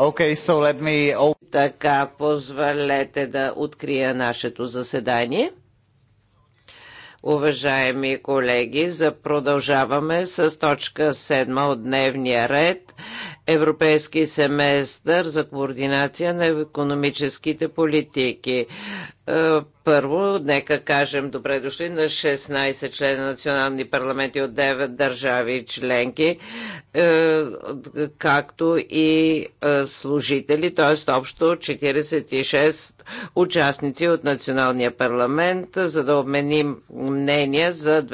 Okay, so let me... Така, позволете да открия нашето заседание. Уважаеми колеги, продължаваме с точка 7 от дневния ред Европейски семестър за координация на економическите политики. Е, първо, нека кажем добре дошли на 16 члена национални парламенти от 9 държави членки, е, както и е, служители, т.е. общо 46 участници от националния парламент, за да обменим мнения за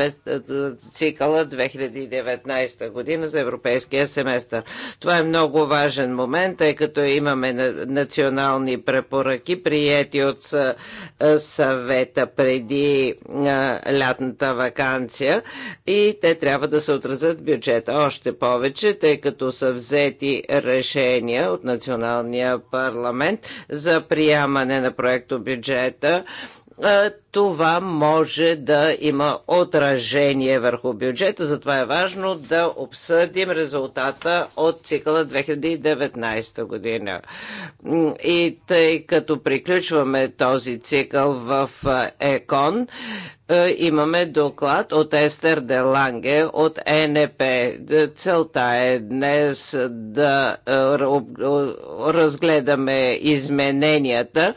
цикъла 2019 година за европейския семестър. Това е много важен момент, тъй като имаме национални препоръки, приети от е, съвета преди е, лятната вакансия и те трябва да се отразят в бюджета. Още повече, тъй като са взети решения от националния парламент за приемане на проекто бюджета е, това може да има отражение върху бюджета, затова е важно да обсъдим резултата от цикъла 2019 година. И тъй като приключваме този цикъл в е, ЕКОН, е, имаме доклад от Естер Деланге от е НП. Целта е днес да разгледаме измененията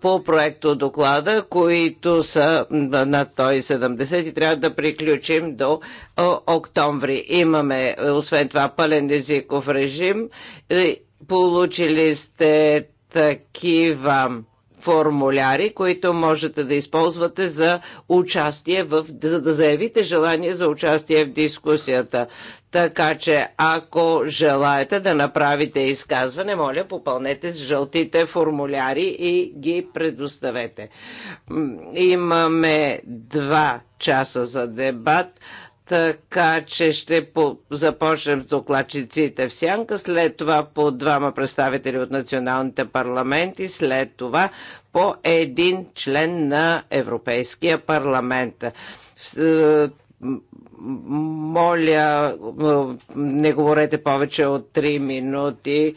по проекто доклада, които които са над 170 и трябва да приключим до октомври. Имаме, освен това, пълен езиков режим. Получили сте такива формуляри, които можете да използвате за участие в, за да заявите желание за участие в дискусията. Така че, ако желаете да направите изказване, моля, попълнете с жълтите формуляри и ги предоставете. Имаме два часа за дебат така че ще по- започнем с докладчиците в сянка, след това по двама представители от националните парламенти, след това по един член на Европейския парламент. Е, моля, е, не говорете повече от 3 минути,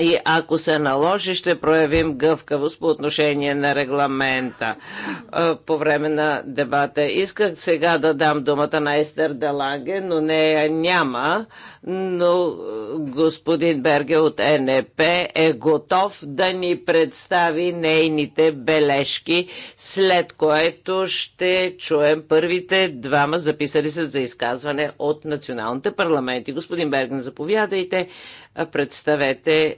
и ако се наложи, ще проявим гъвкавост по отношение на регламента по време на дебата. Исках сега да дам думата на Естер Деланге, но нея няма, но господин Берге от НЕП е готов да ни представи нейните бележки, след което ще чуем първите двама записали се за изказване от националните парламенти. Господин Берген, заповядайте представете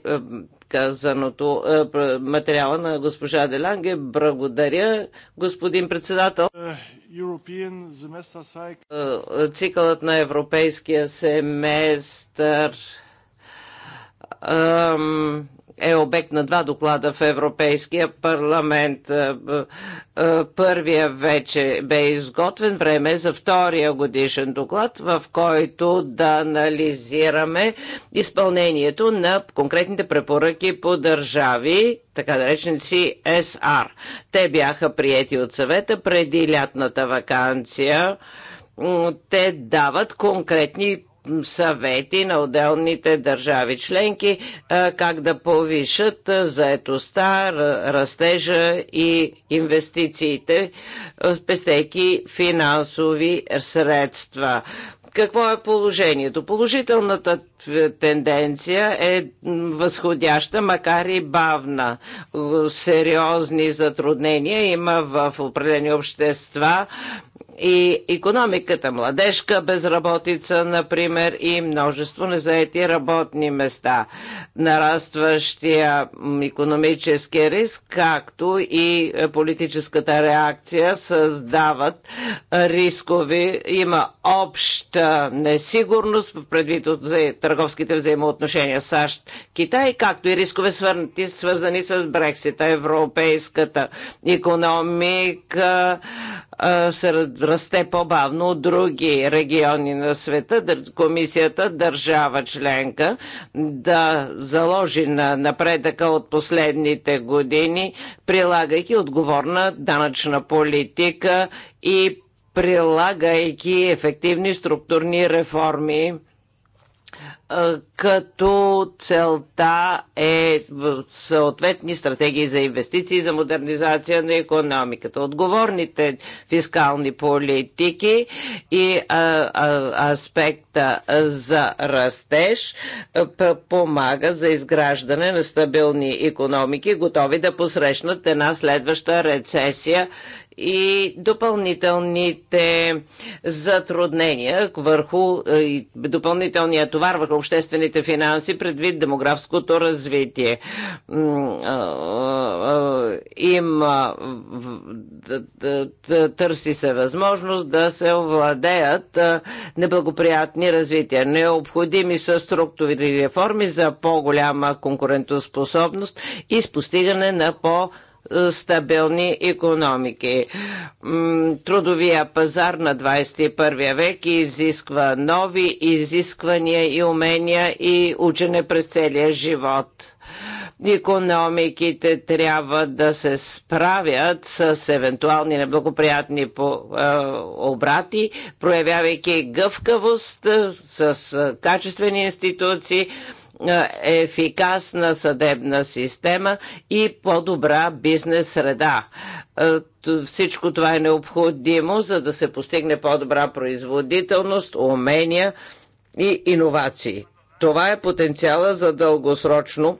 казаното материала на госпожа Деланге. Благодаря, господин председател. Е, цикълът на европейския семестър е обект на два доклада в Европейския парламент. Е, е, първия вече бе изготвен време е за втория годишен доклад, в който да анализираме изпълнението на конкретните препоръки по държави, така наречен си СР. Те бяха приети от съвета преди лятната вакансия те дават конкретни съвети на отделните държави членки е, как да повишат е, заетостта, растежа и инвестициите, е, спестейки финансови средства. Какво е положението? Положителната тенденция е възходяща, макар и бавна. Сериозни затруднения има в определени общества и економиката, младежка безработица, например, и множество незаети работни места, нарастващия економически риск, както и политическата реакция създават рискови. Има обща несигурност предвид от търговските взаимоотношения САЩ-Китай, както и рискове свързани с Брексита, европейската економика, се расте по-бавно от други региони на света, комисията държава членка да заложи на напредъка от последните години, прилагайки отговорна данъчна политика и прилагайки ефективни структурни реформи като целта е съответни стратегии за инвестиции, за модернизация на економиката. Отговорните фискални политики и а, а, аспекта за растеж помага за изграждане на стабилни економики, готови да посрещнат една следваща рецесия и допълнителните затруднения върху е, допълнителния товар върху обществените финанси предвид демографското развитие. Има търси се възможност да се овладеят неблагоприятни развития. Необходими са структурни реформи за по-голяма конкурентоспособност и спостигане на по- стабилни економики. Трудовия пазар на 21 век изисква нови изисквания и умения и учене през целия живот економиките трябва да се справят с евентуални неблагоприятни е, обрати, проявявайки гъвкавост е, с е, качествени институции, ефикасна съдебна система и по-добра бизнес среда. Всичко това е необходимо, за да се постигне по-добра производителност, умения и иновации. Това е потенциала за дългосрочно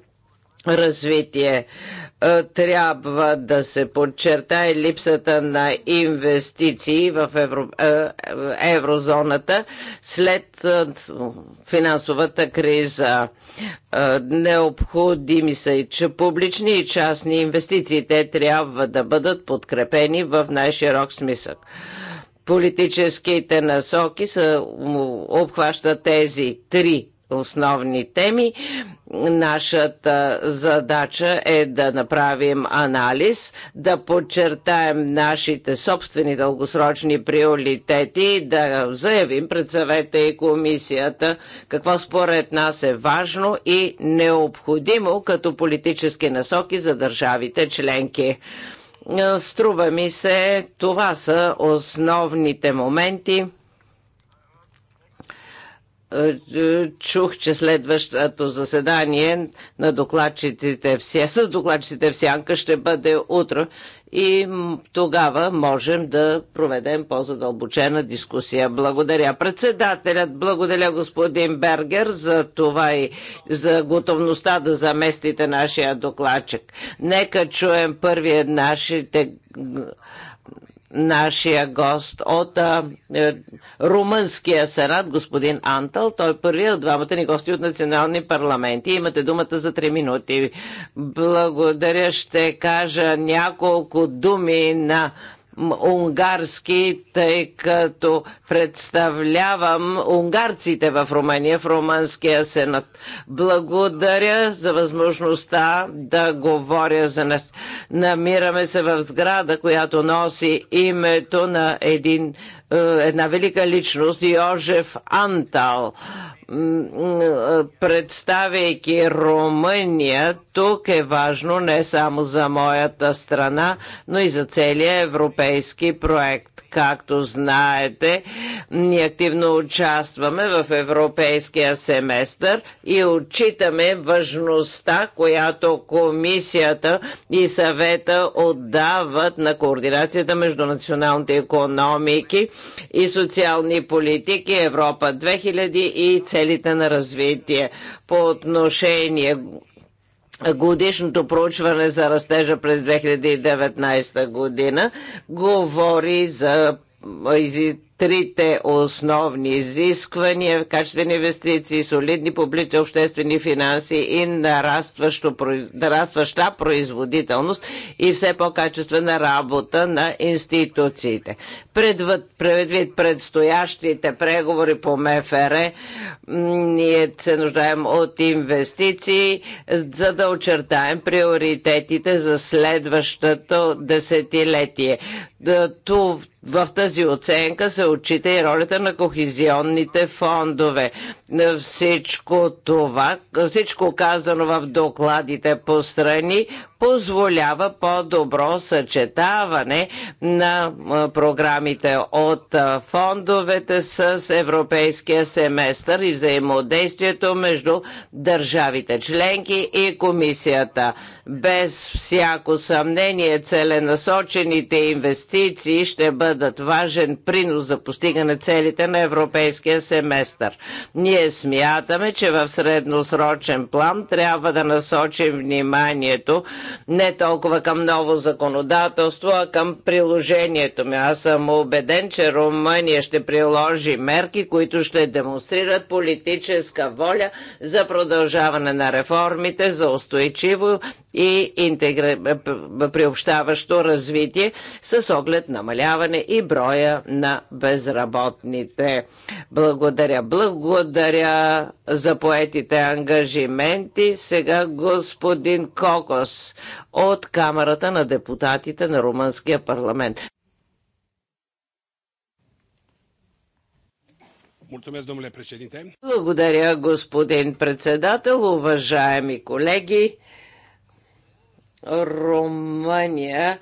развитие. Е, трябва да се подчертае липсата на инвестиции в евро, е, е, еврозоната след финансовата криза. Необходими са и че публични и частни инвестиции. Те трябва да бъдат подкрепени в най-широк смисъл. Политическите насоки са, обхващат тези три основни теми Нашата задача е да направим анализ, да подчертаем нашите собствени дългосрочни приоритети, да заявим пред съвета и комисията какво според нас е важно и необходимо като политически насоки за държавите членки. Струва ми се, това са основните моменти – е, е, чух, че следващото заседание на докладчиците в Сянка, с докладчиците в Сянка ще бъде утро, и тогава можем да проведем по-задълбочена дискусия. Благодаря председателят, благодаря господин Бергер за това и за готовността да заместите нашия докладчик. Нека чуем първият нашите нашия гост от а, е, Румънския сенат, господин Антал. Той е първият от двамата ни гости от национални парламенти. Имате думата за три минути. Благодаря. Ще кажа няколко думи на унгарски, тъй като представлявам унгарците в Румъния, в Румънския сенат. Благодаря за възможността да говоря за нас. Намираме се в сграда, която носи името на един е, една велика личност, Йожеф Антал, е, представяйки Румъния, тук е важно не само за моята страна, но и за целия европейски проект. Както знаете, ние активно участваме в европейския семестър и отчитаме важността, която комисията и съвета отдават на координацията между националните економики и социални политики Европа 2000 и целите на развитие. По отношение годишното проучване за растежа през 2019 година говори за трите основни изисквания, качествени инвестиции, солидни публични обществени финанси и нарастваща производителност и все по-качествена работа на институциите. Предвид предстоящите преговори по МФР, ние се нуждаем от инвестиции, за да очертаем приоритетите за следващото десетилетие. Това в тази оценка се отчита и ролята на кохизионните фондове. Всичко това, всичко казано в докладите по страни, позволява по-добро съчетаване на програмите от фондовете с европейския семестър и взаимодействието между държавите членки и комисията. Без всяко съмнение целенасочените инвестиции ще бъдат важен принос за постигане целите на европейския семестър. Ние смятаме, че в средносрочен план трябва да насочим вниманието не толкова към ново законодателство, а към приложението ми. Аз съм убеден, че Румъния ще приложи мерки, които ще демонстрират политическа воля за продължаване на реформите, за устойчиво и интегра... приобщаващо развитие с оглед намаляване и броя на безработните. Благодаря. Благодаря за поетите ангажименти. Сега господин Кокос от Камерата на депутатите на Румънския парламент. Благодаря, господин председател, уважаеми колеги. Румъния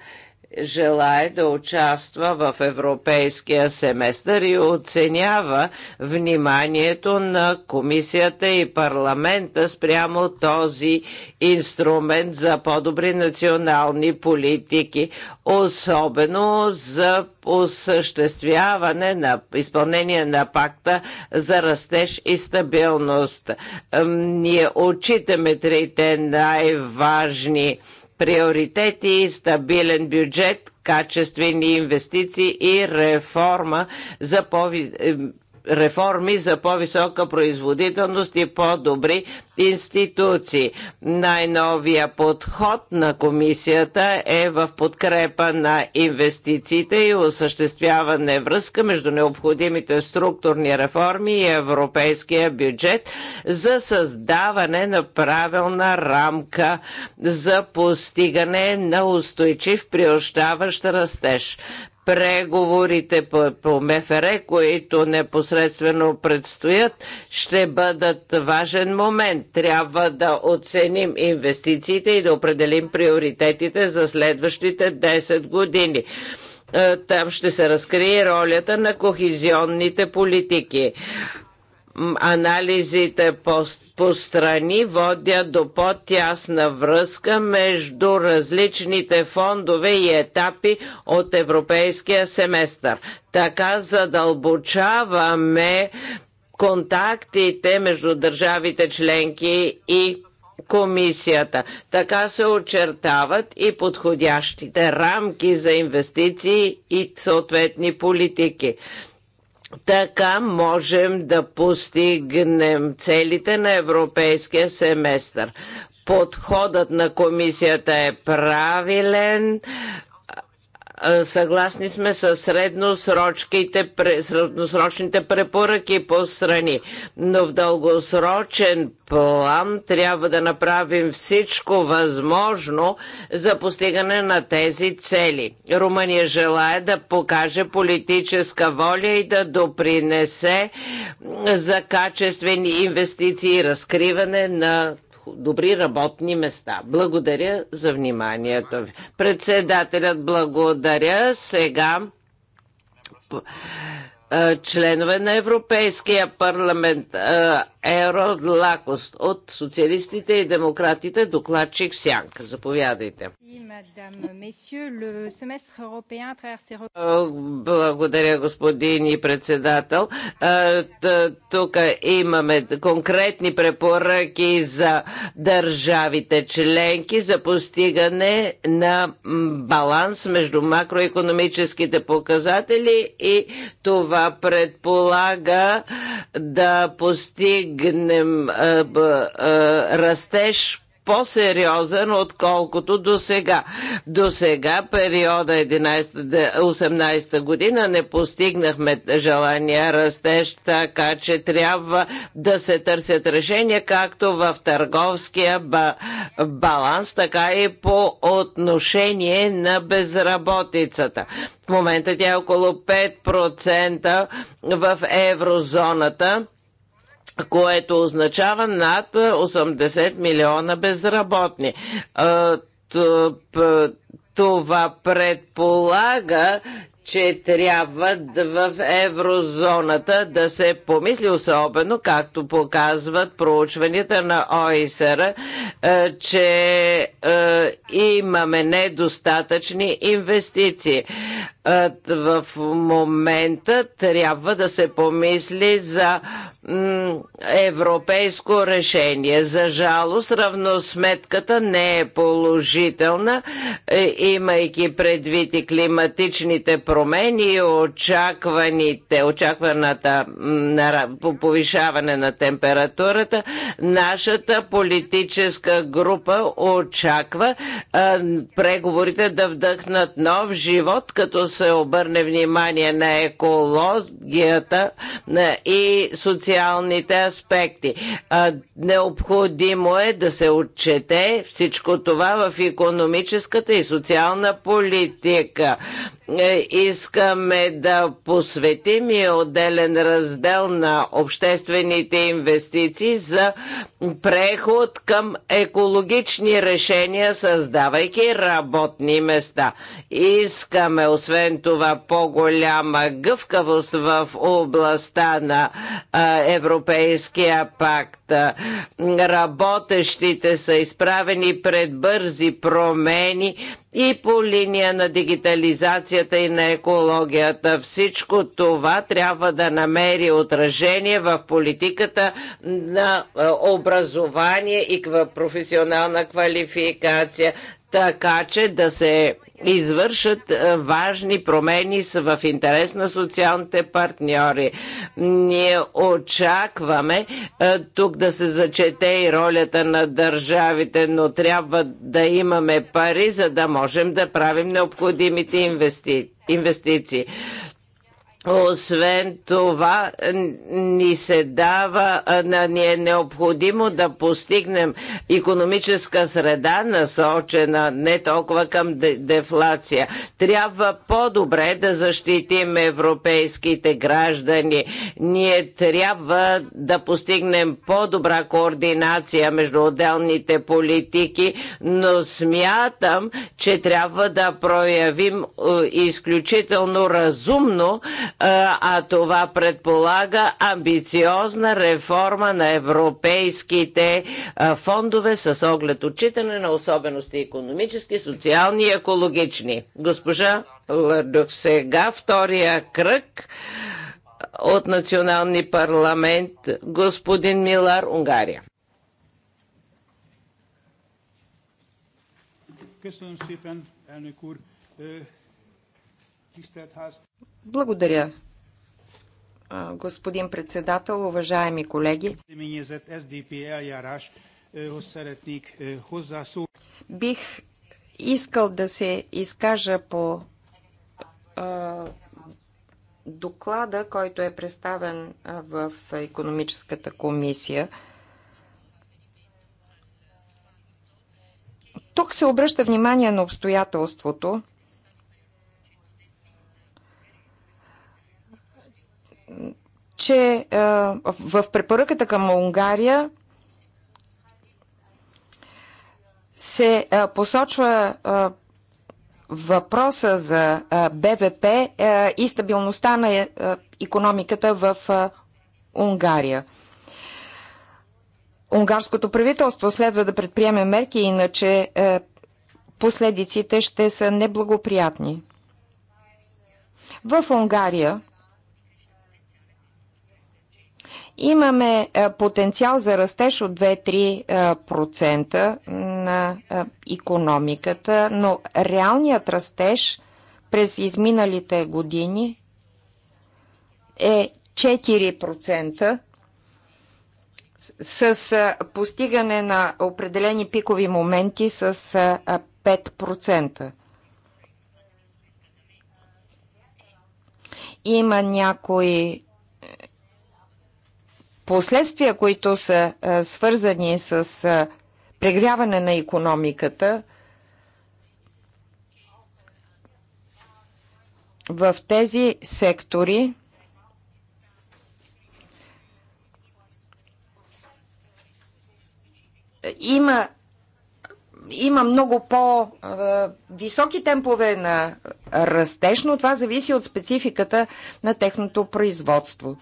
желае да участва в европейския семестър и оценява вниманието на комисията и парламента спрямо този инструмент за по-добри национални политики, особено за осъществяване на изпълнение на пакта за растеж и стабилност. Ние отчитаме трите най-важни приоритети, стабилен бюджет, качествени инвестиции и реформа за по реформи за по-висока производителност и по-добри институции. Най-новия подход на комисията е в подкрепа на инвестициите и осъществяване връзка между необходимите структурни реформи и европейския бюджет за създаване на правилна рамка за постигане на устойчив приощаващ растеж преговорите по, по МФР, които непосредствено предстоят, ще бъдат важен момент. Трябва да оценим инвестициите и да определим приоритетите за следващите 10 години е, там ще се разкрие ролята на кохезионните политики анализите по, по страни водят до по-тясна връзка между различните фондове и етапи от европейския семестър. Така задълбочаваме контактите между държавите членки и комисията. Така се очертават и подходящите рамки за инвестиции и съответни политики. Така можем да постигнем целите на европейския семестър подходът на комисията е правилен, Съгласни сме с средносрочните препоръки по страни, но в дългосрочен план трябва да направим всичко възможно за постигане на тези цели. Румъния желая да покаже политическа воля и да допринесе за качествени инвестиции и разкриване на добри работни места. Благодаря за вниманието ви. Председателят благодаря. Сега членове на Европейския парламент Ерод Лакост от социалистите и демократите, докладчик в Сянка. Заповядайте. Благодаря, господин и председател. Тук имаме конкретни препоръки за държавите членки за постигане на баланс между макроекономическите показатели и това предполага да постигне постигнем а, б, а, растеж по-сериозен, отколкото до сега. До сега, периода 11-18 година, не постигнахме желания растеж, така че трябва да се търсят решения както в търговския баланс, така и по отношение на безработицата. В момента тя е около 5% в еврозоната което означава над 80 е, милиона безработни. Това предполага, че трябва в еврозоната да се помисли особено, както показват проучванията на ОИСР, е, че е, имаме недостатъчни инвестиции. В момента трябва да се помисли за европейско решение. За жалост, равносметката не е положителна, е, имайки предвид и климатичните промени и очакваните, очакваната повишаване на температурата. Нашата политическа група очаква преговорите да вдъхнат нов живот, като се обърне внимание на екологията и социалната социалните аспекти. Необходимо е да се отчете всичко това в економическата и социална политика. Е, искаме да посветим и отделен раздел на обществените инвестиции за преход към екологични решения, създавайки работни места. Искаме, освен това, по-голяма гъвкавост в областта на а, Европейския пакт. Работещите са изправени пред бързи промени и по линия на дигитализацията и на екологията. Всичко това трябва да намери отражение в политиката на образование и професионална квалификация така че да се извършат е, важни промени в интерес на социалните партньори. Ние очакваме е, тук да се зачете и ролята на държавите, но трябва да имаме пари, за да можем да правим необходимите инвести... инвестиции. Освен това, ни се дава, ни е необходимо да постигнем економическа среда, насочена не толкова към дефлация. Трябва по-добре да защитим европейските граждани. Ние трябва да постигнем по-добра координация между отделните политики, но смятам, че трябва да проявим изключително разумно а това предполага амбициозна реформа на европейските фондове с оглед отчитане на особености економически, социални и екологични. Госпожа Лърдок, сега втория кръг от национални парламент, господин Милар, Унгария. Благодаря, господин председател, уважаеми колеги. Бих искал да се изкажа по доклада, който е представен в економическата комисия. Тук се обръща внимание на обстоятелството, че в препоръката към Унгария се посочва въпроса за БВП и стабилността на економиката в Унгария. Унгарското правителство следва да предприеме мерки, иначе е, последиците ще са неблагоприятни. В Унгария Имаме е, потенциал за растеж от 2-3% е, на економиката, но реалният растеж през изминалите години е 4% с е, постигане на определени пикови моменти с 5%. Има някои последствия, които са а, свързани с а, прегряване на економиката, в тези сектори има, има много по-високи темпове на растеж, но това зависи от спецификата на техното производство.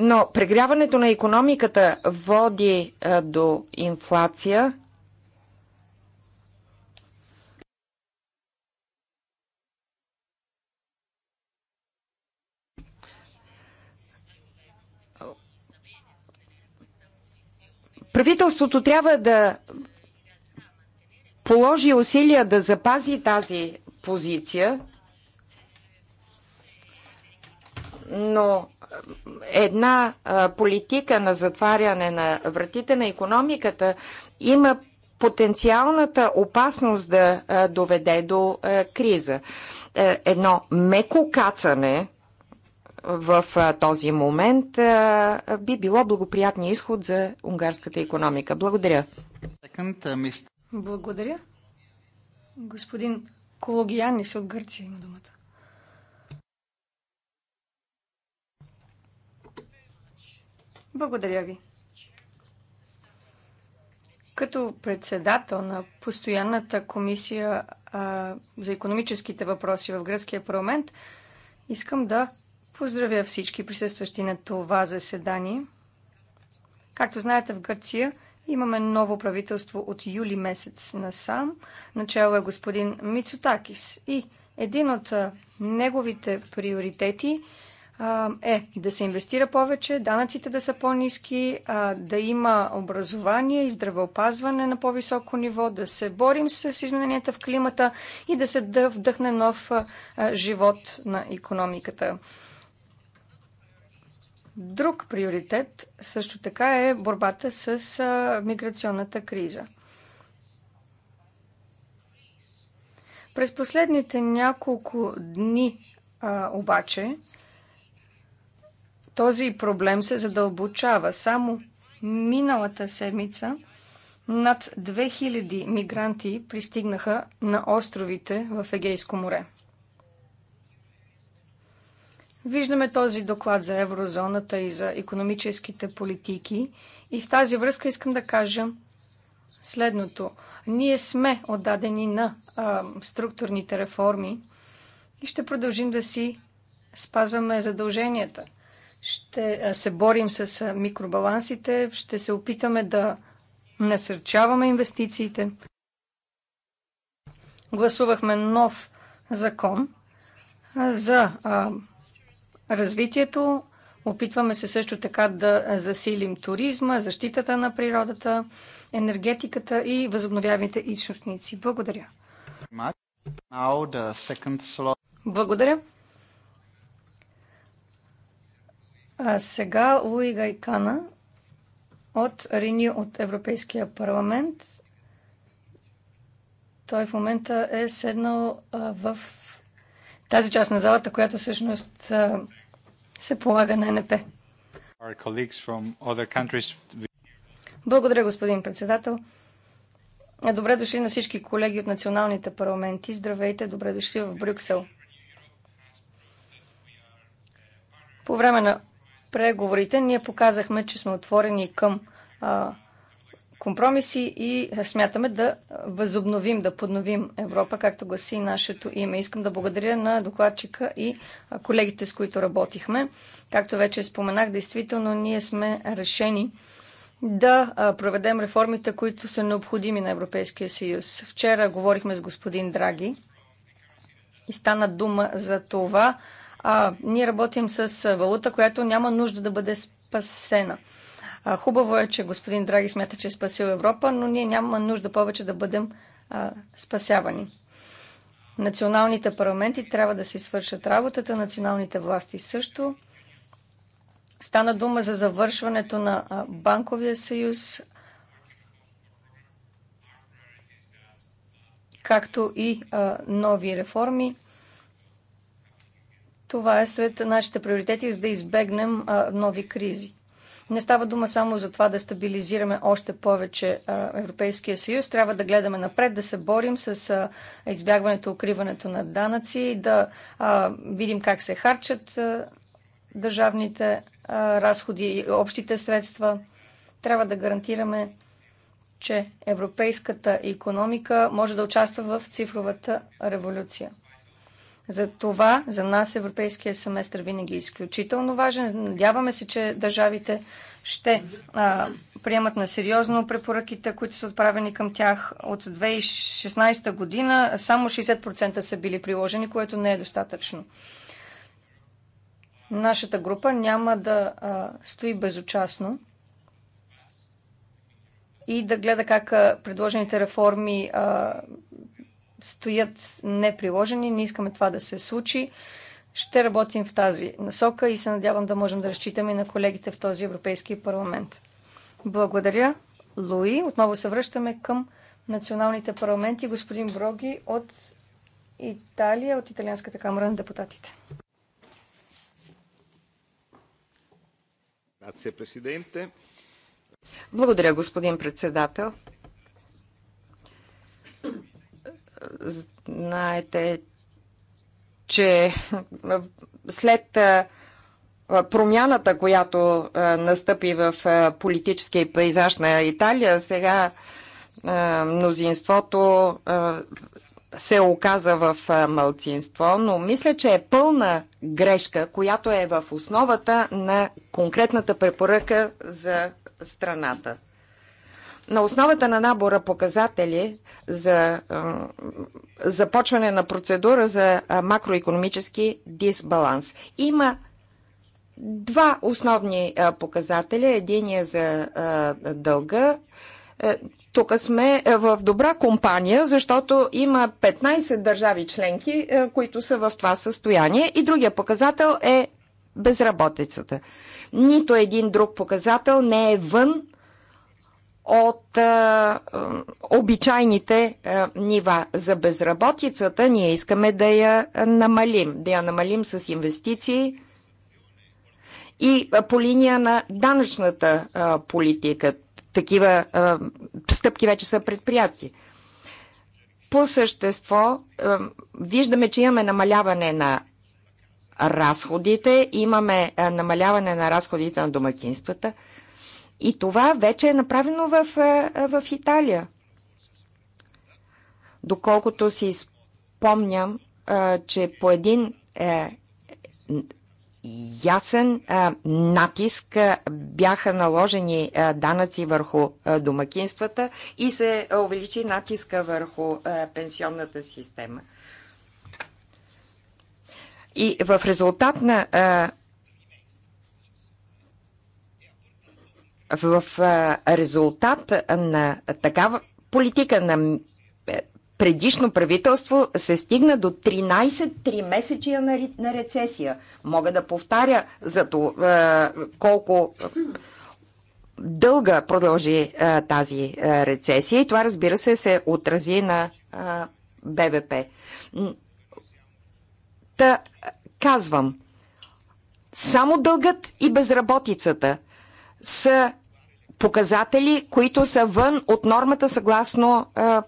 Но прегряването на економиката води е, до инфлация. Правителството трябва да положи усилия да запази тази позиция. но една политика на затваряне на вратите на економиката има потенциалната опасност да доведе до криза. Е, едно меко кацане в този момент би било благоприятния изход за унгарската економика. Благодаря. Благодаря. Господин Кологиянис от Гърция има думата. Благодаря ви. Като председател на постоянната комисия а, за економическите въпроси в гръцкия парламент, искам да поздравя всички присъстващи на това заседание. Както знаете, в Гърция имаме ново правителство от юли месец насам. Начало е господин Мицотакис и един от неговите приоритети е е да се инвестира повече, данъците да са по-низки, да има образование и здравеопазване на по-високо ниво, да се борим с измененията в климата и да се вдъхне нов живот на економиката. Друг приоритет също така е борбата с миграционната криза. През последните няколко дни обаче този проблем се задълбочава. Само миналата седмица над 2000 мигранти пристигнаха на островите в Егейско море. Виждаме този доклад за еврозоната и за економическите политики и в тази връзка искам да кажа следното. Ние сме отдадени на а, структурните реформи и ще продължим да си спазваме задълженията – ще се борим с микробалансите, ще се опитаме да насърчаваме инвестициите. Гласувахме нов закон за а, развитието. Опитваме се също така да засилим туризма, защитата на природата, енергетиката и възобновяемите източници. Благодаря. Благодаря. А сега Луи Гайкана от Рини от Европейския парламент. Той в момента е седнал а, в тази част на залата, която всъщност а, се полага на НП. Благодаря, господин председател. Добре дошли на всички колеги от националните парламенти. Здравейте, добре дошли в Брюксел. По време на преговорите ние показахме, че сме отворени към а, компромиси и смятаме да възобновим, да подновим Европа, както гласи нашето име. Искам да благодаря на докладчика и колегите, с които работихме. Както вече споменах, действително ние сме решени да проведем реформите, които са необходими на Европейския съюз. Вчера говорихме с господин Драги и стана дума за това, а, ние работим с валута, която няма нужда да бъде спасена. А, хубаво е, че господин Драги смята, че е спасил Европа, но ние няма нужда повече да бъдем а, спасявани. Националните парламенти трябва да си свършат работата, националните власти също. Стана дума за завършването на банковия съюз, както и а, нови реформи. Това е сред нашите приоритети, за да избегнем а, нови кризи. Не става дума само за това да стабилизираме още повече а, Европейския съюз. Трябва да гледаме напред, да се борим с а, избягването, укриването на данъци, да а, видим как се харчат а, държавните а, разходи и общите средства. Трябва да гарантираме, че европейската економика може да участва в цифровата революция. За това за нас европейския семестър винаги е изключително важен. Надяваме се, че държавите ще а, приемат на сериозно препоръките, които са отправени към тях. От 2016 година само 60% са били приложени, което не е достатъчно. Нашата група няма да а, стои безучастно и да гледа как а, предложените реформи а, стоят неприложени. Не искаме това да се случи. Ще работим в тази насока и се надявам да можем да разчитаме на колегите в този Европейски парламент. Благодаря, Луи. Отново се връщаме към националните парламенти. Господин Броги от Италия, от Италианската камера на депутатите. Благодаря, господин председател. знаете, че след промяната, която настъпи в политическия пейзаж на Италия, сега мнозинството се оказа в мълцинство, но мисля, че е пълна грешка, която е в основата на конкретната препоръка за страната. На основата на набора показатели за започване на процедура за макроекономически дисбаланс. Има два основни показателя. Единия за дълга. Е, тук сме е, в добра компания, защото има 15 държави членки, е, които са в това състояние. И другия показател е безработицата. Нито един друг показател не е вън от а, обичайните а, нива за безработицата. Ние искаме да я намалим, да я намалим с инвестиции и а, по линия на данъчната а, политика. Такива а, стъпки вече са предприяти. По същество, а, виждаме, че имаме намаляване на разходите, имаме а, намаляване на разходите на домакинствата – и това вече е направено в, е, е, в Италия. Доколкото си спомням, е, че по един ясен натиск бяха наложени данъци върху домакинствата и се увеличи натиска върху пенсионната система. И в резултат на а, в резултат на такава политика на е, предишно правителство се стигна до 13-3 месечия на рецесия. Мога да повтаря за това е, колко дълга продължи а, е, тази а, рецесия и това разбира се се отрази на а, БВП. Та казвам, само дългът и безработицата са показатели, които са вън от нормата съгласно а,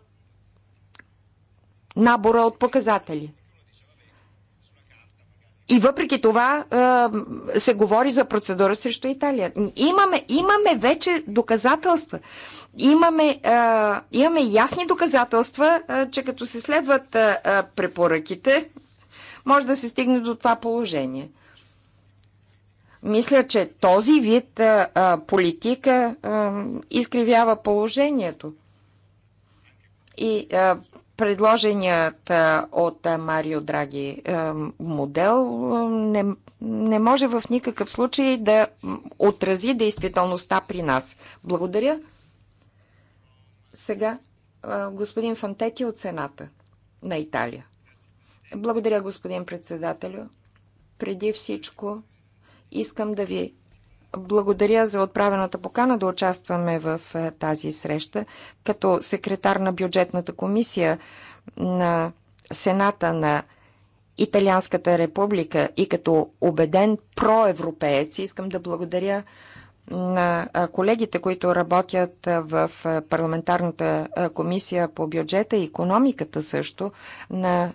набора от показатели. И въпреки това а, се говори за процедура срещу Италия. Имаме, имаме вече доказателства. Имаме, а, имаме ясни доказателства, а, че като се следват а, препоръките, може да се стигне до това положение. Мисля, че този вид а, политика а, изкривява положението. И а, предложеният а, от а, Марио Драги а, модел а, не, не може в никакъв случай да отрази действителността при нас. Благодаря. Сега а, господин Фантети от Сената на Италия. Благодаря, господин председателю. Преди всичко Искам да ви благодаря за отправената покана да участваме в е, тази среща. Като секретар на бюджетната комисия на Сената на Италианската република и като убеден проевропеец, искам да благодаря на е, колегите, които работят е, в парламентарната комисия по бюджета и економиката също на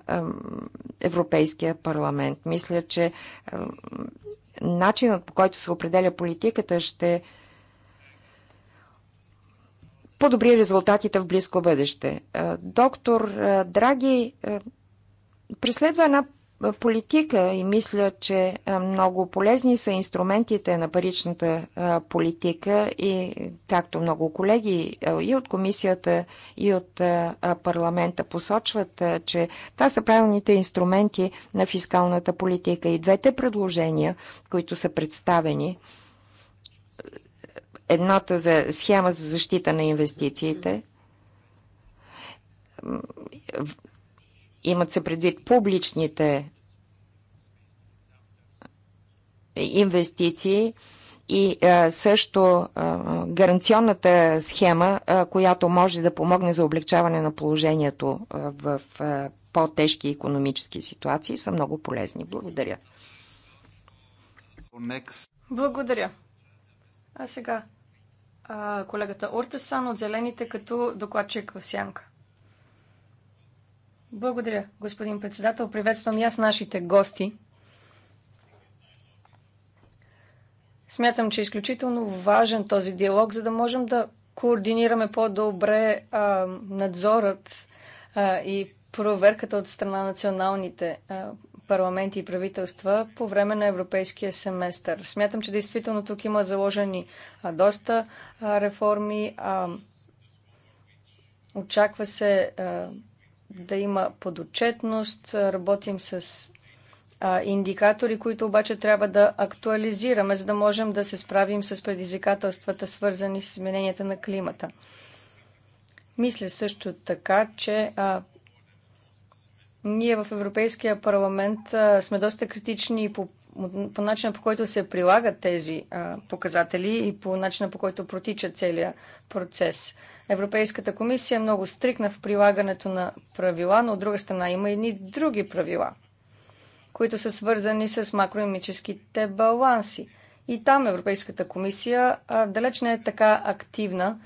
Европейския парламент. Мисля, че начинът по който се определя политиката ще подобри резултатите в близко бъдеще. Е, доктор е, Драги е, преследва една политика и мисля, че много полезни са инструментите на паричната политика и както много колеги и от комисията, и от парламента посочват, че това са правилните инструменти на фискалната политика. И двете предложения, които са представени, едната за схема за защита на инвестициите, имат се предвид публичните инвестиции и също гаранционната схема, която може да помогне за облегчаване на положението в по-тежки економически ситуации, са много полезни. Благодаря. Благодаря. А сега колегата Ортесан от Зелените като докладчик в Сянка. Благодаря, господин председател. Приветствам и аз нашите гости. Смятам, че е изключително важен този диалог, за да можем да координираме по-добре надзорът а, и проверката от страна на националните а, парламенти и правителства по време на европейския семестър. Смятам, че действително тук има заложени а, доста а, реформи. А, очаква се а, да има подотчетност. Работим с индикатори, които обаче трябва да актуализираме, за да можем да се справим с предизвикателствата, свързани с измененията на климата. Мисля също така, че а, ние в Европейския парламент а, сме доста критични по, по начина по който се прилагат тези а, показатели и по начина по който протича целият процес. Европейската комисия е много стрикна в прилагането на правила, но от друга страна има и други правила – които са свързани с макроимическите баланси. И там Европейската комисия а, далеч не е така активна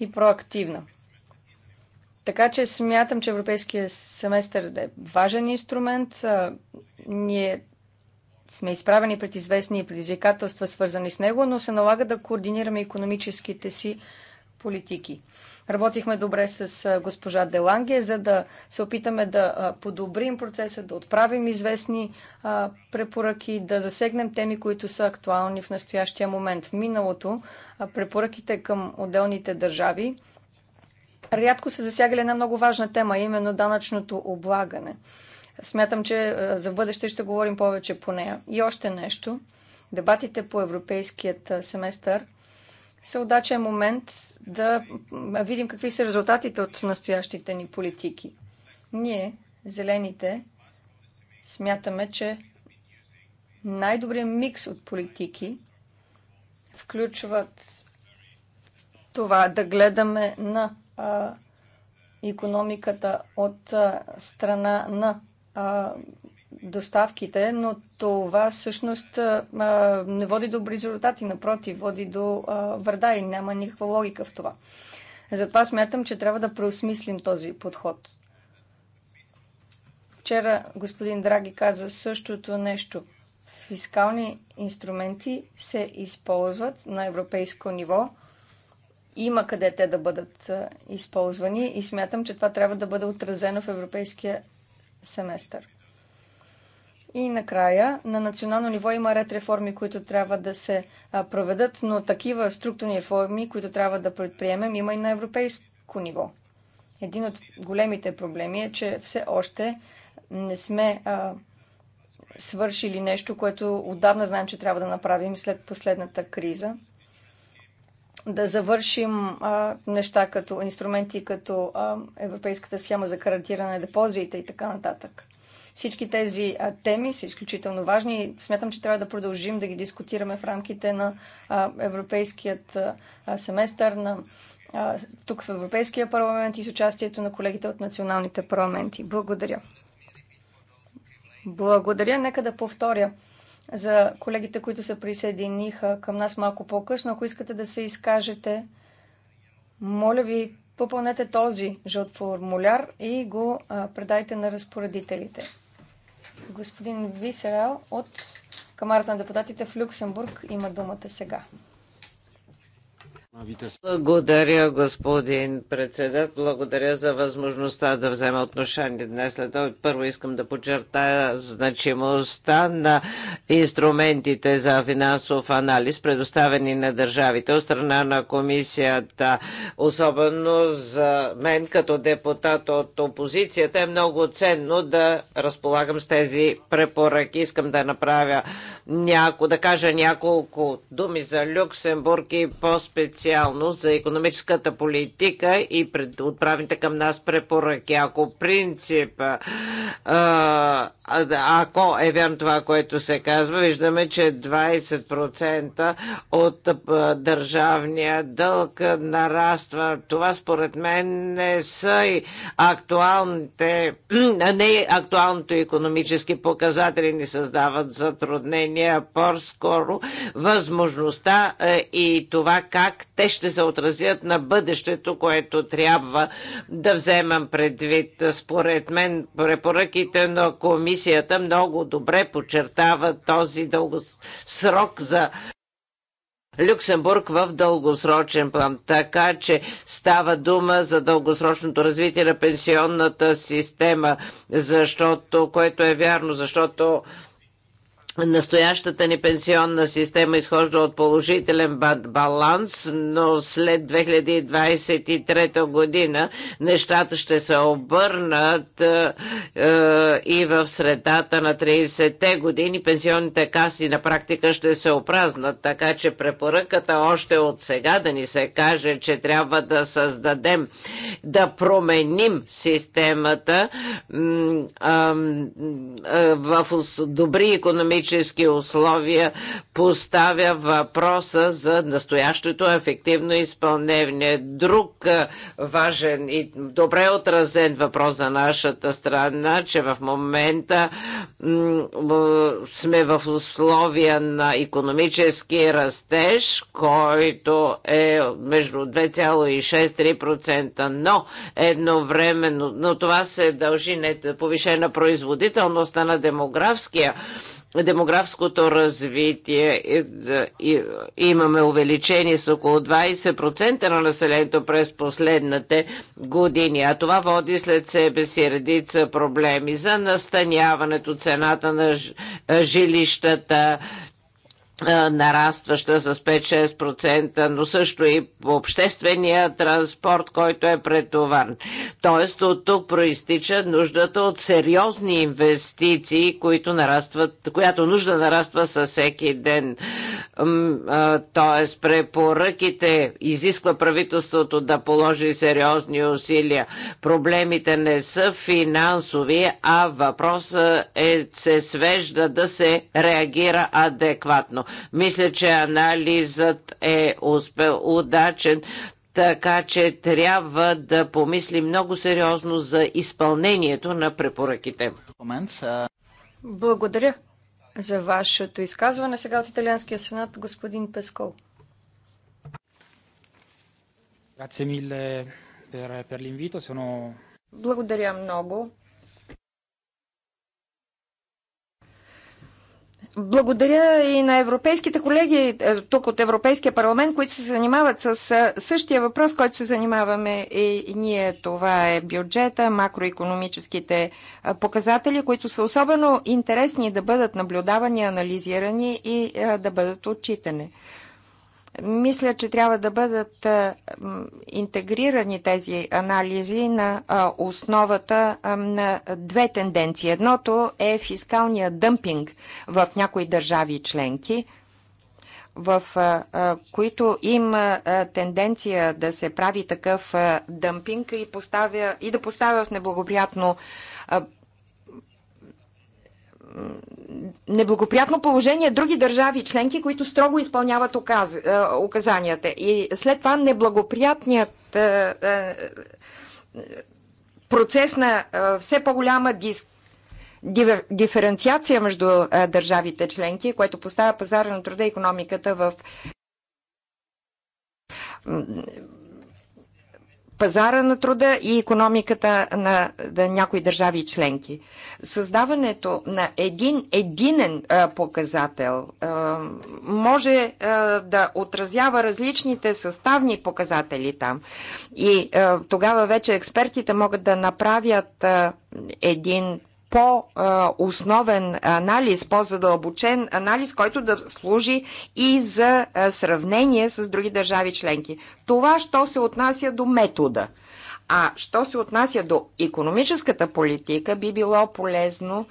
и проактивна. Така че смятам, че Европейския семестър е важен инструмент. А, ние сме изправени пред известни предизвикателства, свързани с него, но се налага да координираме економическите си политики. Работихме добре с госпожа Деланге, за да се опитаме да подобрим процеса, да отправим известни препоръки, да засегнем теми, които са актуални в настоящия момент. В миналото препоръките към отделните държави рядко се засягали една много важна тема, именно данъчното облагане. Смятам, че за бъдеще ще говорим повече по нея. И още нещо. Дебатите по европейският семестър – се отдача е момент да видим какви са резултатите от настоящите ни политики. Ние, зелените, смятаме, че най-добрият микс от политики включват това да гледаме на а, економиката от а, страна на а, доставките, но това всъщност не води до резултати, напротив, води до вреда и няма никаква логика в това. Затова смятам, че трябва да преосмислим този подход. Вчера господин Драги каза същото нещо. Фискални инструменти се използват на европейско ниво. Има къде те да бъдат използвани и смятам, че това трябва да бъде отразено в европейския семестър. И накрая, на национално ниво има ред реформи, които трябва да се проведат, но такива структурни реформи, които трябва да предприемем, има и на европейско ниво. Един от големите проблеми е, че все още не сме а, свършили нещо, което отдавна знаем, че трябва да направим след последната криза. Да завършим а, неща като инструменти, като а, Европейската схема за гарантиране на депозита и така нататък. Всички тези теми са изключително важни и смятам, че трябва да продължим да ги дискутираме в рамките на европейският семестър, на, тук в Европейския парламент и с участието на колегите от националните парламенти. Благодаря. Благодаря. Нека да повторя за колегите, които се присъединиха към нас малко по-късно. Ако искате да се изкажете, моля ви, попълнете този жълт формуляр и го а, предайте на разпоредителите. Господин Висерал от Камарата на депутатите в Люксембург има думата сега. Благодаря, господин председател. Благодаря за възможността да взема отношение днес. След първо искам да подчертая значимостта на инструментите за финансов анализ, предоставени на държавите от страна на комисията. Особено за мен като депутат от опозицията е много ценно да разполагам с тези препоръки. Искам да направя няко, да кажа няколко думи за Люксембург и по-специално специално за економическата политика и пред, отправите към нас препоръки. Ако принцип а, ако е вярно това, което се казва, виждаме, че 20% от държавния дълг нараства. Това според мен не са и актуалните, не актуалното економически показатели ни създават затруднения, по-скоро възможността е, и това как те ще се отразят на бъдещето, което трябва да вземам предвид. Според мен препоръките на комисията комисията много добре подчертава този дълго срок за Люксембург в дългосрочен план. Така че става дума за дългосрочното развитие на пенсионната система, защото, което е вярно, защото Настоящата ни пенсионна система изхожда от положителен баланс, но след 2023 година нещата ще се обърнат е, е и в средата на 30-те години пенсионните каси на практика ще се опразнат, така че препоръката още от сега да ни се каже, че трябва да създадем, да променим системата е, е, в добри економически политически условия поставя въпроса за настоящото ефективно изпълнение. Друг е, важен и добре отразен въпрос за нашата страна, че в момента сме в условия на економически растеж, който е между 2,6-3%, но едновременно, но това се дължи на повишена производителността на демографския демографското развитие и, и, имаме увеличение с около 20% на населението през последните години, а това води след себе си редица проблеми за настаняването, цената на жилищата, нарастваща с 5-6%, но също и обществения транспорт, който е претоварен. Тоест от тук проистича нуждата от сериозни инвестиции, които нарастват, която нужда нараства със всеки ден. Тоест препоръките изисква правителството да положи сериозни усилия. Проблемите не са финансови, а въпросът е, се свежда да се реагира адекватно. Мисля, че анализът е успел, удачен, така че трябва да помисли много сериозно за изпълнението на препоръките. Благодаря за вашето изказване. Сега от Италианския сенат господин Пескол. Благодаря много Благодаря и на европейските колеги е, тук от Европейския парламент, които се занимават с е, същия въпрос, който се занимаваме и ние. Това е бюджета, макроекономическите е, показатели, които са особено интересни да бъдат наблюдавани, анализирани и да бъдат отчитани. Мисля, че трябва да бъдат интегрирани тези анализи на основата на две тенденции. Едното е фискалния дъмпинг в някои държави членки, в които има тенденция да се прави такъв дъмпинг и, поставя, и да поставя в неблагоприятно неблагоприятно положение други държави членки, които строго изпълняват указ, е, указанията. И след това неблагоприятният е, е, процес на все по-голяма диск диференциация между държавите членки, което поставя пазара на труда и економиката в пазара на труда и економиката на, на някои държави и членки. Създаването на един единен а, показател а, може а, да отразява различните съставни показатели там. И а, тогава вече експертите могат да направят а, един по-основен анализ, по-задълбочен анализ, който да служи и за сравнение с други държави членки. Това, що се отнася до метода. А що се отнася до економическата политика, би било полезно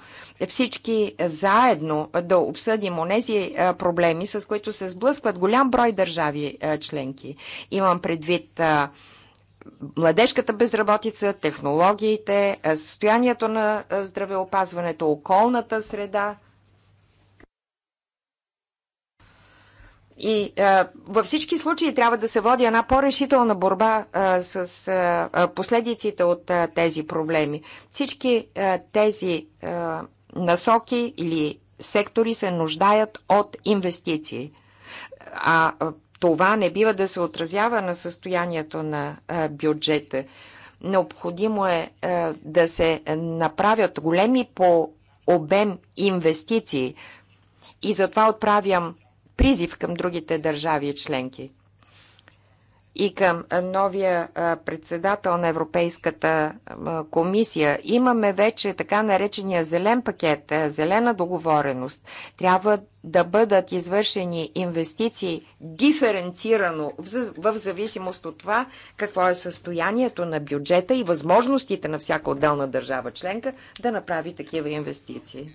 всички заедно да обсъдим онези проблеми, с които се сблъскват голям брой държави членки. Имам предвид младежката безработица, технологиите, е, състоянието на е, здравеопазването, околната среда. И а, е, във всички случаи трябва да се води една по-решителна борба а, с а, последиците от а, тези проблеми. Всички а, тези а, насоки или сектори се нуждаят от инвестиции. А това не бива да се отразява на състоянието на бюджета. Необходимо е да се направят големи по обем инвестиции и затова отправям призив към другите държави и членки и към новия председател на Европейската комисия. Имаме вече така наречения зелен пакет, зелена договореност. Трябва да бъдат извършени инвестиции диференцирано в зависимост от това какво е състоянието на бюджета и възможностите на всяка отделна държава членка да направи такива инвестиции.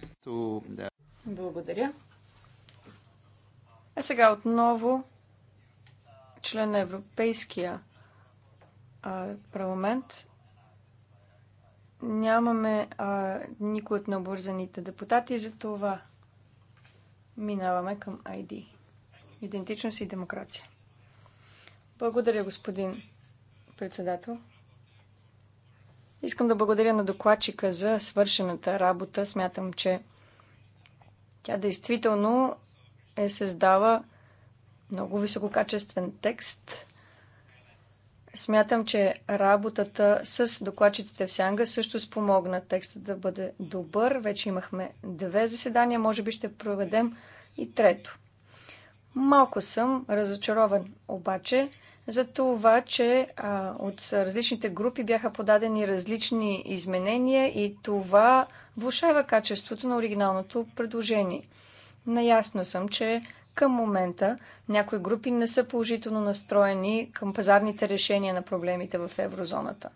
Благодаря. А сега отново член на Европейския а, парламент нямаме а, никой от набързаните депутати, за това минаваме към ID. Идентичност и демокрация. Благодаря, господин председател. Искам да благодаря на докладчика за свършената работа. Смятам, че тя действително е създава. Много висококачествен текст. Смятам, че работата с докладчиците в Сянга също спомогна текста да бъде добър. Вече имахме две заседания, може би ще проведем и трето. Малко съм разочарован обаче за това, че а, от различните групи бяха подадени различни изменения и това влушава качеството на оригиналното предложение. Наясно съм, че към момента някои групи не са положително настроени към пазарните решения на проблемите в еврозоната.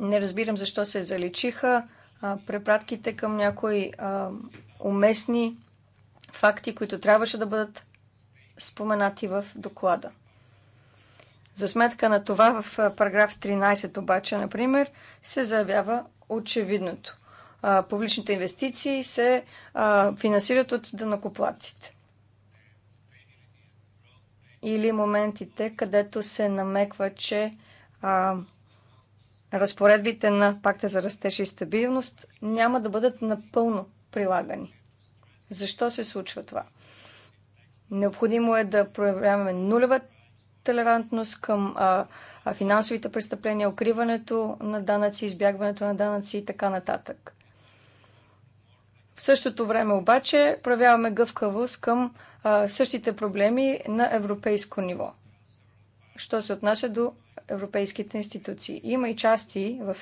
Не разбирам защо се заличиха а, препратките към някои а, уместни факти, които трябваше да бъдат споменати в доклада. За сметка на това в параграф 13 обаче, например, се заявява очевидното – а, публичните инвестиции се а, финансират от дънакоплатците. Или моментите, където се намеква, че а, разпоредбите на Пакта за растеж и стабилност няма да бъдат напълно прилагани. Защо се случва това? Необходимо е да проявяваме нулева толерантност към а, а финансовите престъпления, укриването на данъци, избягването на данъци и така нататък. В същото време обаче проявяваме гъвкавост към а, същите проблеми на европейско ниво, що се отнася до европейските институции. Има и части в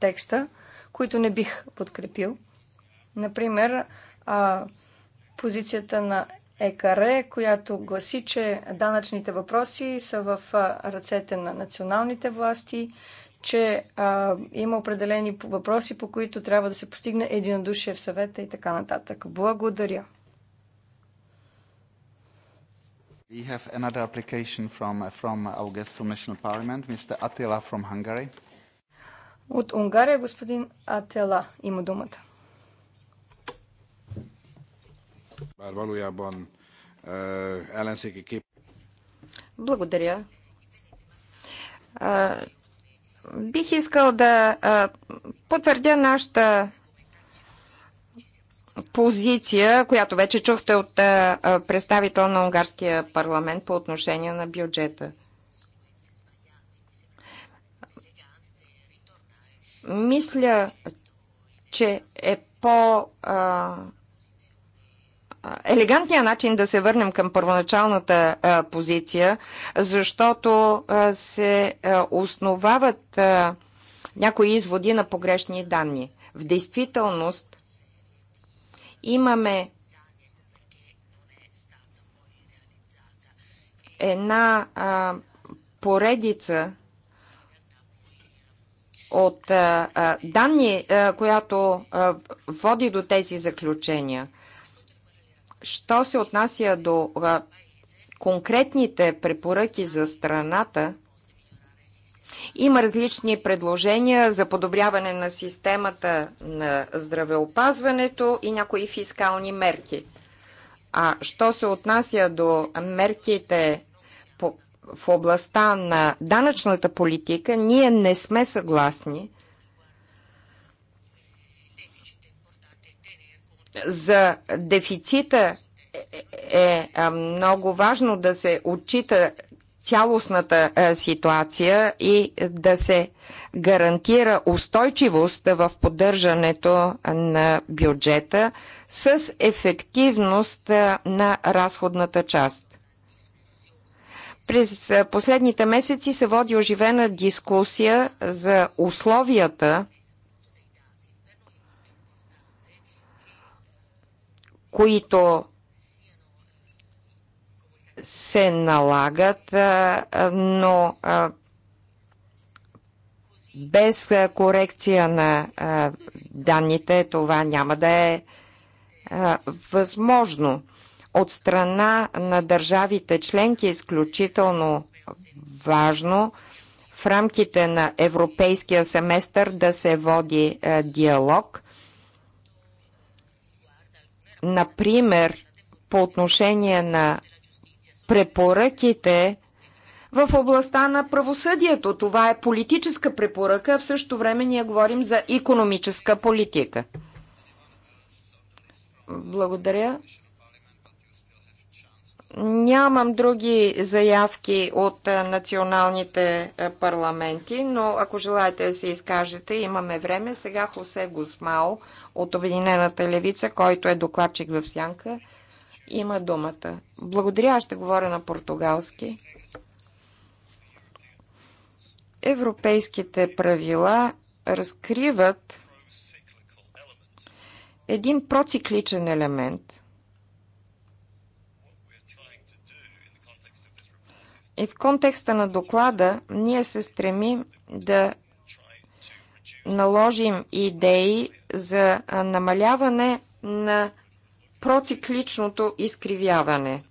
текста, които не бих подкрепил. Например, а, позицията на ЕКАРЕ, която гласи, че данъчните въпроси са в ръцете на националните власти че а, има определени въпроси, по които трябва да се постигне единодушие в съвета и така нататък. Благодаря. We have another application from, from our guest from National Parliament, Mr. Attila from Hungary. От Унгария господин Атела има думата. Е, Благодаря бих искал да потвърдя нашата позиция, която вече чухте от представител на Унгарския парламент по отношение на бюджета. Мисля, че е по- а, елегантния начин да се върнем към първоначалната позиция, защото се основават някои изводи на погрешни данни. В действителност имаме една а, поредица от а, данни, а, която а, води до тези заключения. Що се отнася до конкретните препоръки за страната, има различни предложения за подобряване на системата на здравеопазването и някои фискални мерки. А що се отнася до мерките по, в областта на данъчната политика, ние не сме съгласни За дефицита е, е, е много важно да се отчита цялостната е, ситуация и да се гарантира устойчивост в поддържането на бюджета с ефективност на разходната част. През последните месеци се води оживена дискусия за условията – които се налагат, но без корекция на данните това няма да е възможно. От страна на държавите членки е изключително важно в рамките на европейския семестър да се води диалог Например, по отношение на препоръките в областта на правосъдието. Това е политическа препоръка, а в същото време ние говорим за економическа политика. Благодаря. Нямам други заявки от националните парламенти, но ако желаете да се изкажете, имаме време. Сега Хосе Гусмао от Обединената левица, който е докладчик в Сянка, има думата. Благодаря, аз ще говоря на португалски. Европейските правила разкриват един процикличен елемент. И в контекста на доклада ние се стремим да наложим идеи за намаляване на процикличното изкривяване.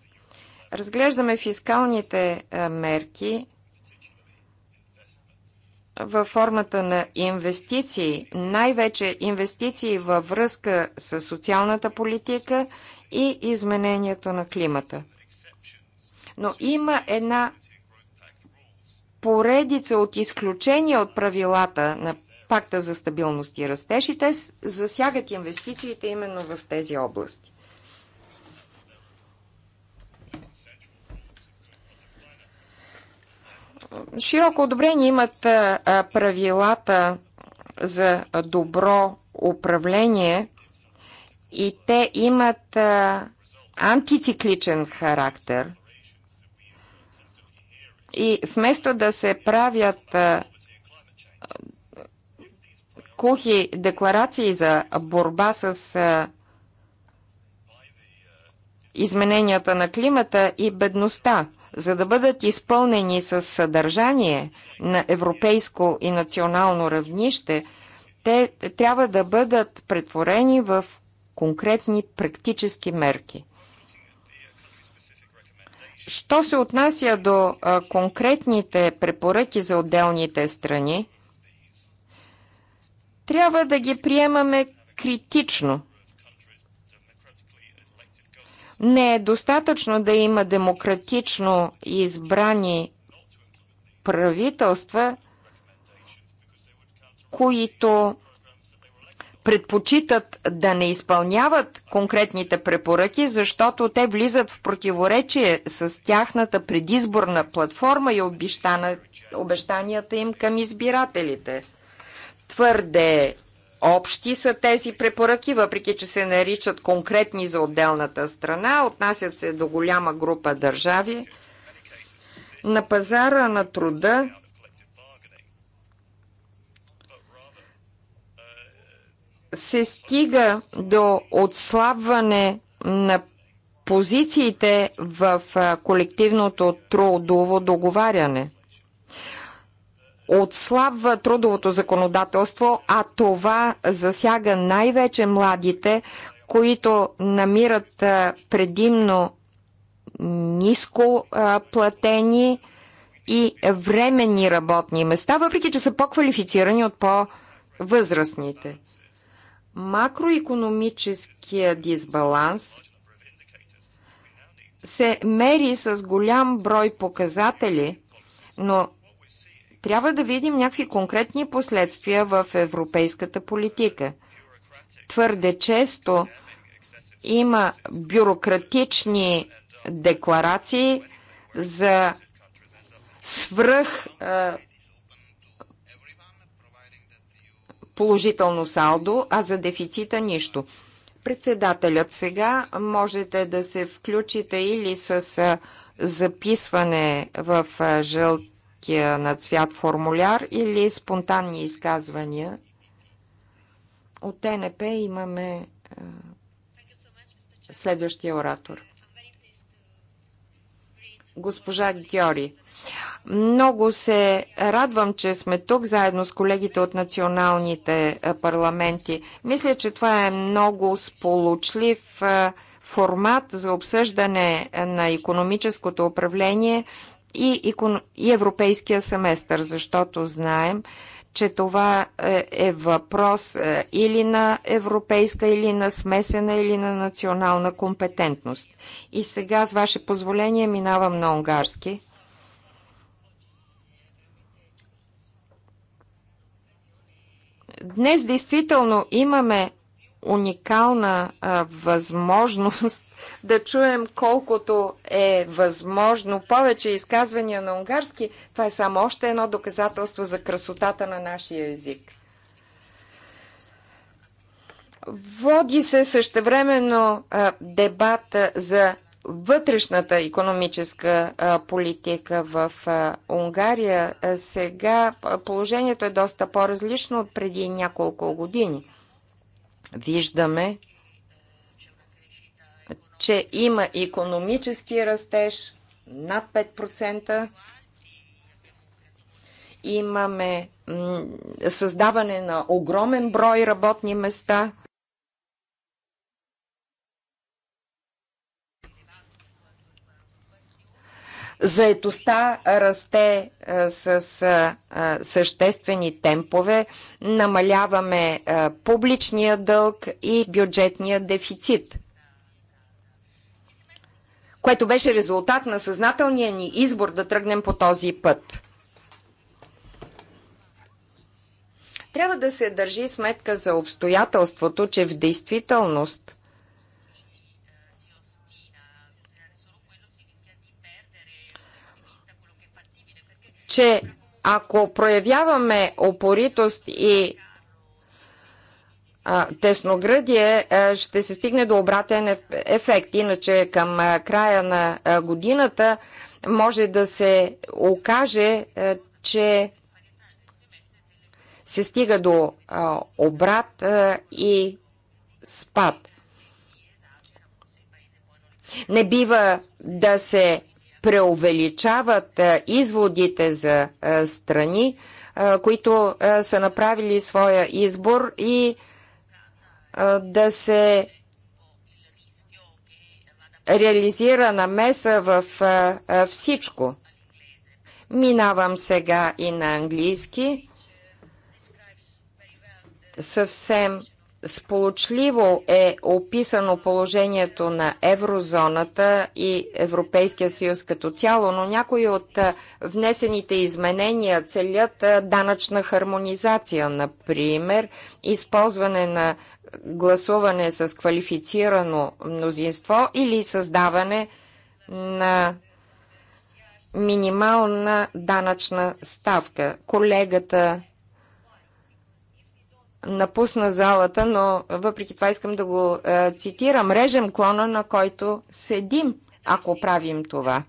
Разглеждаме фискалните мерки във формата на инвестиции, най-вече инвестиции във връзка с социалната политика и изменението на климата. Но има една поредица от изключения от правилата на пакта за стабилност и растеж и те засягат инвестициите именно в тези области. Широко одобрение имат правилата за добро управление и те имат антицикличен характер. И вместо да се правят кухи декларации за борба с измененията на климата и бедността, за да бъдат изпълнени с съдържание на европейско и национално равнище, те трябва да бъдат претворени в конкретни практически мерки. Що се отнася до конкретните препоръки за отделните страни, трябва да ги приемаме критично. Не е достатъчно да има демократично избрани правителства, които предпочитат да не изпълняват конкретните препоръки, защото те влизат в противоречие с тяхната предизборна платформа и обещанията им към избирателите. Твърде общи са тези препоръки, въпреки че се наричат конкретни за отделната страна, отнасят се до голяма група държави. На пазара на труда се стига до отслабване на позициите в колективното трудово договаряне отслабва трудовото законодателство, а това засяга най-вече младите, които намират предимно ниско платени и временни работни места, въпреки че са по-квалифицирани от по-възрастните. Макроекономическия дисбаланс се мери с голям брой показатели, но трябва да видим някакви конкретни последствия в европейската политика. Твърде често има бюрократични декларации за свръх положително салдо, а за дефицита нищо. Председателят сега можете да се включите или с записване в жълт изпратения на цвят формуляр или спонтанни изказвания. От ТНП имаме е, следващия оратор. Госпожа Гьори, Много се радвам, че сме тук заедно с колегите от националните е, парламенти. Мисля, че това е много сполучлив е, формат за обсъждане на економическото управление и, и европейския семестър, защото знаем, че това е, е въпрос е, или на европейска, или на смесена, или на национална компетентност. И сега, с ваше позволение, минавам на унгарски. Днес действително имаме уникална а, възможност да чуем колкото е възможно повече изказвания на унгарски. Това е само още едно доказателство за красотата на нашия език. Води се същевременно дебат за вътрешната економическа политика в Унгария. Сега положението е доста по-различно от преди няколко години. Виждаме, че има економически растеж над 5%. Имаме създаване на огромен брой работни места. Заетостта расте с съществени темпове, намаляваме публичния дълг и бюджетния дефицит което беше резултат на съзнателния ни избор да тръгнем по този път. Трябва да се държи сметка за обстоятелството, че в действителност че ако проявяваме опоритост и тесноградие, ще се стигне до обратен ефект. Иначе към края на годината може да се окаже, че се стига до обрат и спад. Не бива да се преувеличават изводите за страни, които са направили своя избор и да се реализира намеса в всичко. Минавам сега и на английски. Съвсем Сполучливо е описано положението на еврозоната и Европейския съюз като цяло, но някои от внесените изменения целят данъчна хармонизация, например, използване на гласуване с квалифицирано мнозинство или създаване на минимална данъчна ставка. Колегата напусна залата, но въпреки това искам да го е, цитирам. Режем клона, на който седим, ако правим това.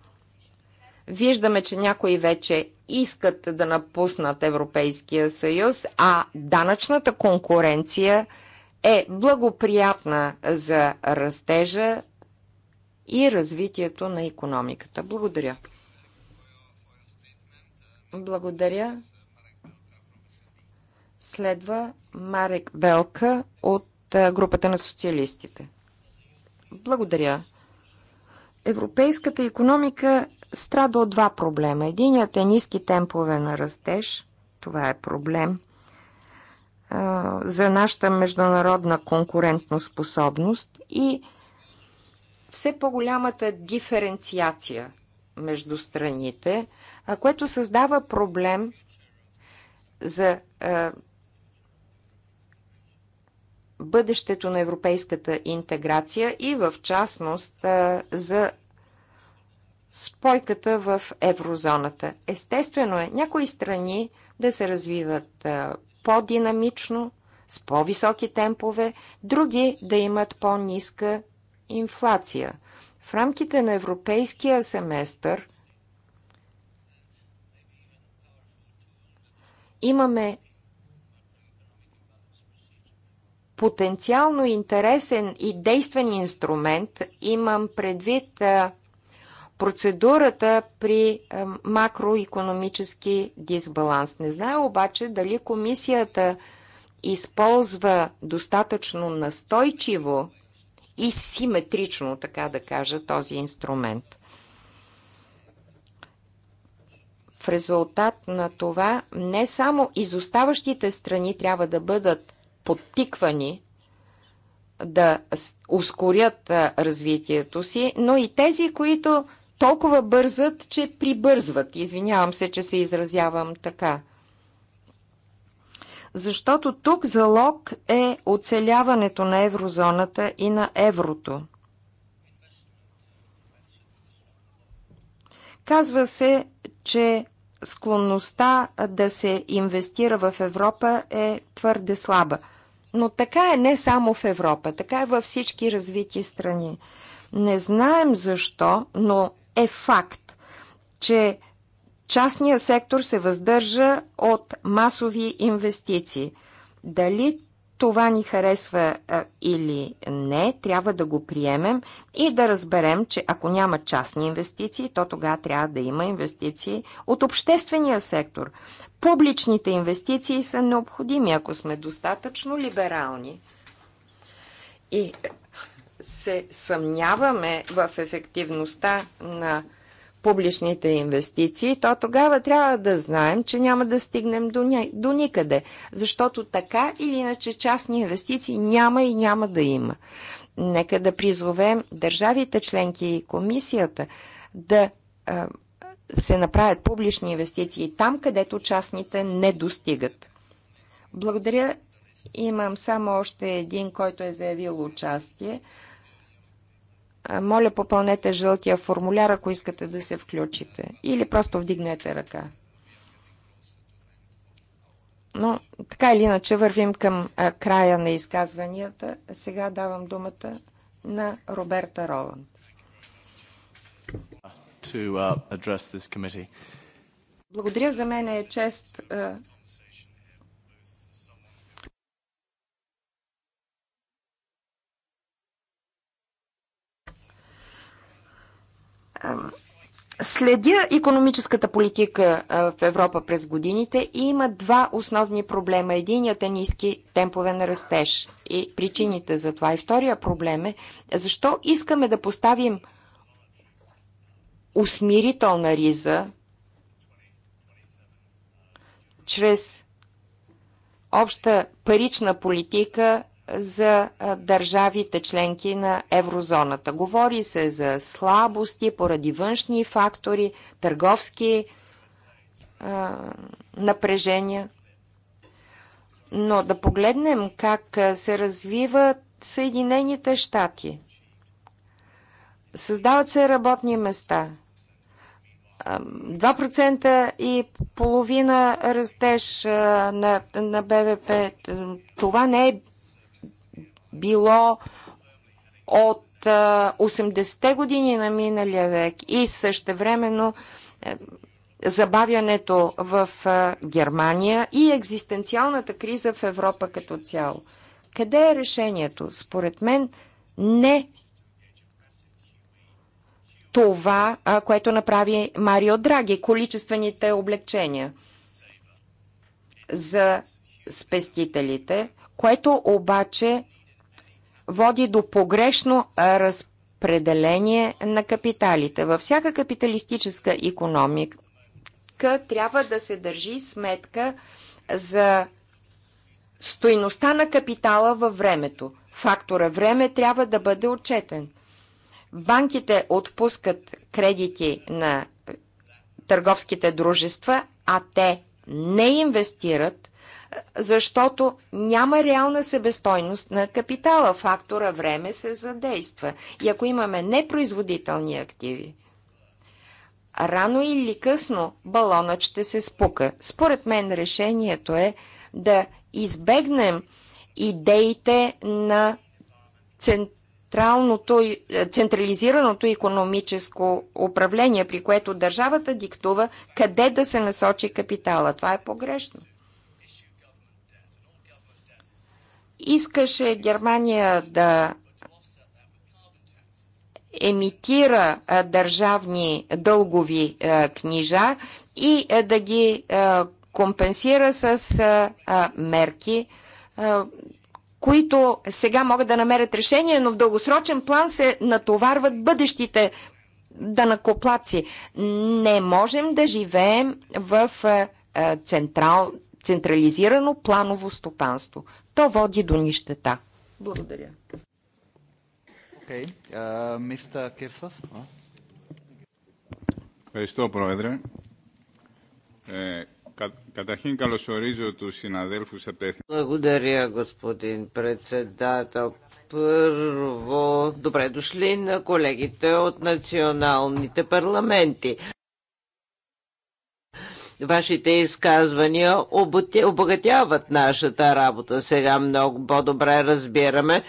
Виждаме, че някои вече искат да напуснат Европейския съюз, а данъчната конкуренция е благоприятна за растежа и развитието на економиката. Благодаря. Благодаря Следва Марек Белка от групата на социалистите. Благодаря. Европейската економика страда от два проблема. Единият е ниски темпове на растеж. Това е проблем за нашата международна конкурентна способност и все по-голямата диференциация между страните, което създава проблем за бъдещето на европейската интеграция и в частност за спойката в еврозоната. Естествено е някои страни да се развиват по-динамично, с по-високи темпове, други да имат по-ниска инфлация. В рамките на европейския семестър имаме потенциално интересен и действен инструмент. Имам предвид процедурата при макроекономически дисбаланс. Не знае обаче дали комисията използва достатъчно настойчиво и симетрично, така да кажа, този инструмент. В резултат на това не само изоставащите страни трябва да бъдат подтиквани да ускорят развитието си, но и тези, които толкова бързат, че прибързват. Извинявам се, че се изразявам така. Защото тук залог е оцеляването на еврозоната и на еврото. Казва се, че склонността да се инвестира в Европа е твърде слаба – но така е не само в Европа, така е във всички развити страни. Не знаем защо, но е факт, че частният сектор се въздържа от масови инвестиции. Дали това ни харесва а, или не, трябва да го приемем и да разберем, че ако няма частни инвестиции, то тогава трябва да има инвестиции от обществения сектор. Публичните инвестиции са необходими, ако сме достатъчно либерални. И се съмняваме в ефективността на публичните инвестиции, то тогава трябва да знаем, че няма да стигнем до, ня... до никъде, защото така или иначе частни инвестиции няма и няма да има. Нека да призовем държавите членки и комисията да а, се направят публични инвестиции там, където частните не достигат. Благодаря. Имам само още един, който е заявил участие. Моля, попълнете жълтия формуляр, ако искате да се включите. Или просто вдигнете ръка. Но така или иначе вървим към а, края на изказванията. Сега давам думата на Роберта Роланд. Uh, Благодаря за мен е чест а, Следя економическата политика в Европа през годините и има два основни проблема. Единият е ниски темпове на растеж и причините за това. И втория проблем е защо искаме да поставим усмирителна риза чрез обща парична политика за държавите членки на еврозоната. Говори се за слабости поради външни фактори, търговски а, напрежения. Но да погледнем как се развиват Съединените щати. Създават се работни места. 2% и половина растеж на, на БВП. Това не е било от 80-те години на миналия век и същевременно е, забавянето в Германия и екзистенциалната криза в Европа като цяло. Къде е решението? Според мен не това, което направи Марио Драги, количествените облегчения за спестителите, което обаче води до погрешно разпределение на капиталите. Във всяка капиталистическа економика трябва да се държи сметка за стойността на капитала във времето. Фактора време трябва да бъде отчетен. Банките отпускат кредити на търговските дружества, а те не инвестират защото няма реална себестойност на капитала. Фактора време се задейства. И ако имаме непроизводителни активи, рано или късно балонът ще се спука. Според мен решението е да избегнем идеите на централното, е, централизираното економическо управление, при което държавата диктува къде да се насочи капитала. Това е погрешно. искаше Германия да емитира държавни дългови книжа и да ги компенсира с мерки, които сега могат да намерят решение, но в дългосрочен план се натоварват бъдещите данакоплаци. Не можем да живеем в централ, централизирано планово стопанство то води до нищета. Благодаря. Окей. Мистер Кирсос. Ευχαριστώ, Πρόεδρε. Ε, κα, καταρχήν καλωσορίζω τους συναδέλφους από τα Εθνικά. Благодаря, господин председател. Първо, добре дошли на колегите от националните парламенти. Вашите изказвания обогатяват нашата работа. Сега много по-добре разбираме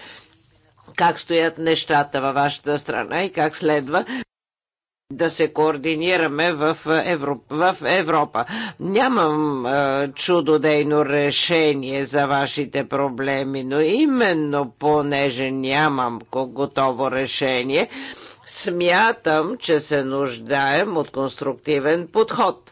как стоят нещата във вашата страна и как следва да се координираме в Европа. В Европа. Нямам е, чудодейно решение за вашите проблеми, но именно понеже нямам готово решение, смятам, че се нуждаем от конструктивен подход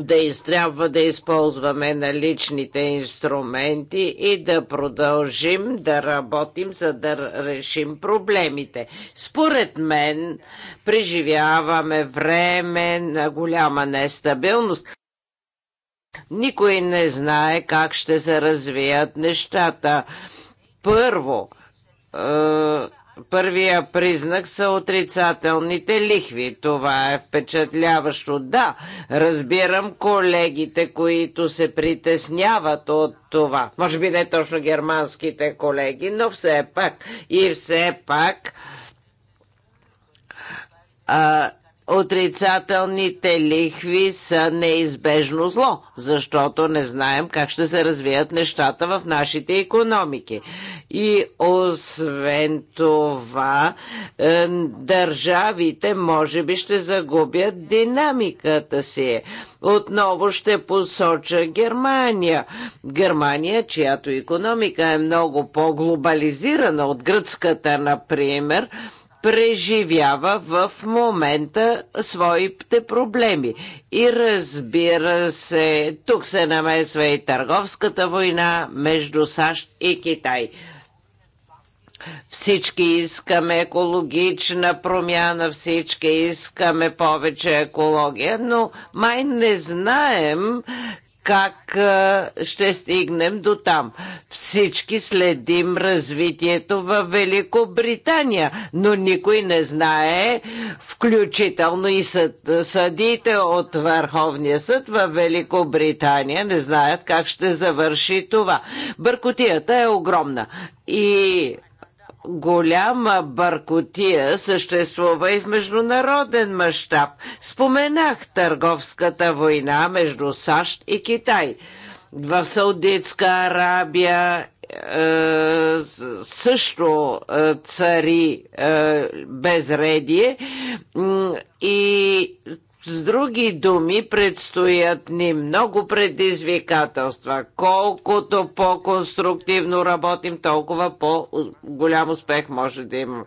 да из, трябва да използваме наличните инструменти и да продължим да работим, за да решим проблемите. Според мен, преживяваме време на голяма нестабилност. Никой не знае как ще се развият нещата. Първо, е, Първия признак са отрицателните лихви. Това е впечатляващо. Да, разбирам колегите, които се притесняват от това. Може би не точно германските колеги, но все пак и все пак а, отрицателните лихви са неизбежно зло, защото не знаем как ще се развият нещата в нашите економики. И освен това, е, държавите може би ще загубят динамиката си. Отново ще посоча Германия. Германия, чиято економика е много по-глобализирана от гръцката, например, преживява в момента своите проблеми. И разбира се, тук се намесва и търговската война между САЩ и Китай. Всички искаме екологична промяна, всички искаме повече екология, но май не знаем как ще стигнем до там. Всички следим развитието в Великобритания, но никой не знае, включително и съд, съдите от Върховния съд в Великобритания не знаят как ще завърши това. Бъркотията е огромна и голяма бъркотия съществува и в международен мащаб. Споменах търговската война между САЩ и Китай. В Саудитска Арабия е, също е, цари е, безредие и с други думи, предстоят ни много предизвикателства. Колкото по-конструктивно работим, толкова по-голям успех може да имам.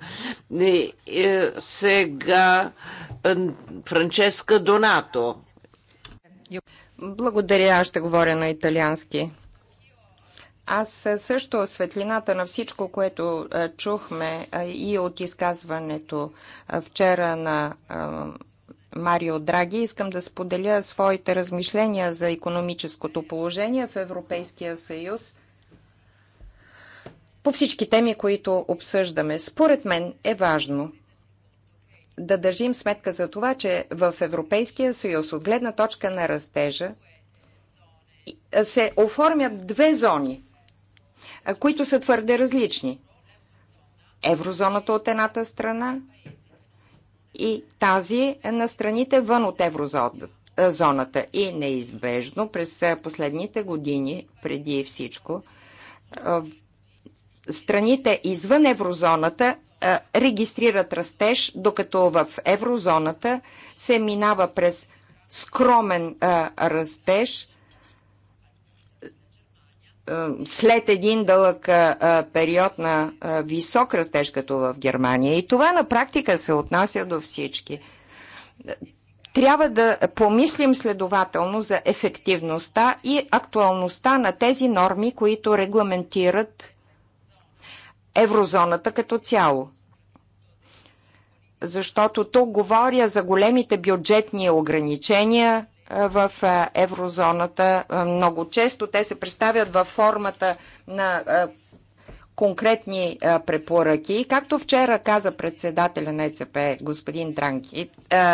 Е, сега е, Франческа Донато. Благодаря, аз ще говоря на италиански. Аз е, също светлината на всичко, което чухме и от изказването вчера на Марио Драги, искам да споделя своите размишления за економическото положение в Европейския съюз по всички теми, които обсъждаме. Според мен е важно да държим сметка за това, че в Европейския съюз от гледна точка на растежа се оформят две зони, които са твърде различни. Еврозоната от едната страна и тази е на страните вън от еврозоната. Е, и неизбежно през е, последните години, преди всичко, страните извън еврозоната регистрират растеж, докато в еврозоната се минава през скромен растеж – след един дълъг период на висок растеж, като в Германия. И това на практика се отнася до всички. Трябва да помислим следователно за ефективността и актуалността на тези норми, които регламентират еврозоната като цяло. Защото тук говоря за големите бюджетни ограничения, в еврозоната много често. Те се представят във формата на конкретни препоръки. Както вчера каза председателя на ЕЦП, господин Дранки,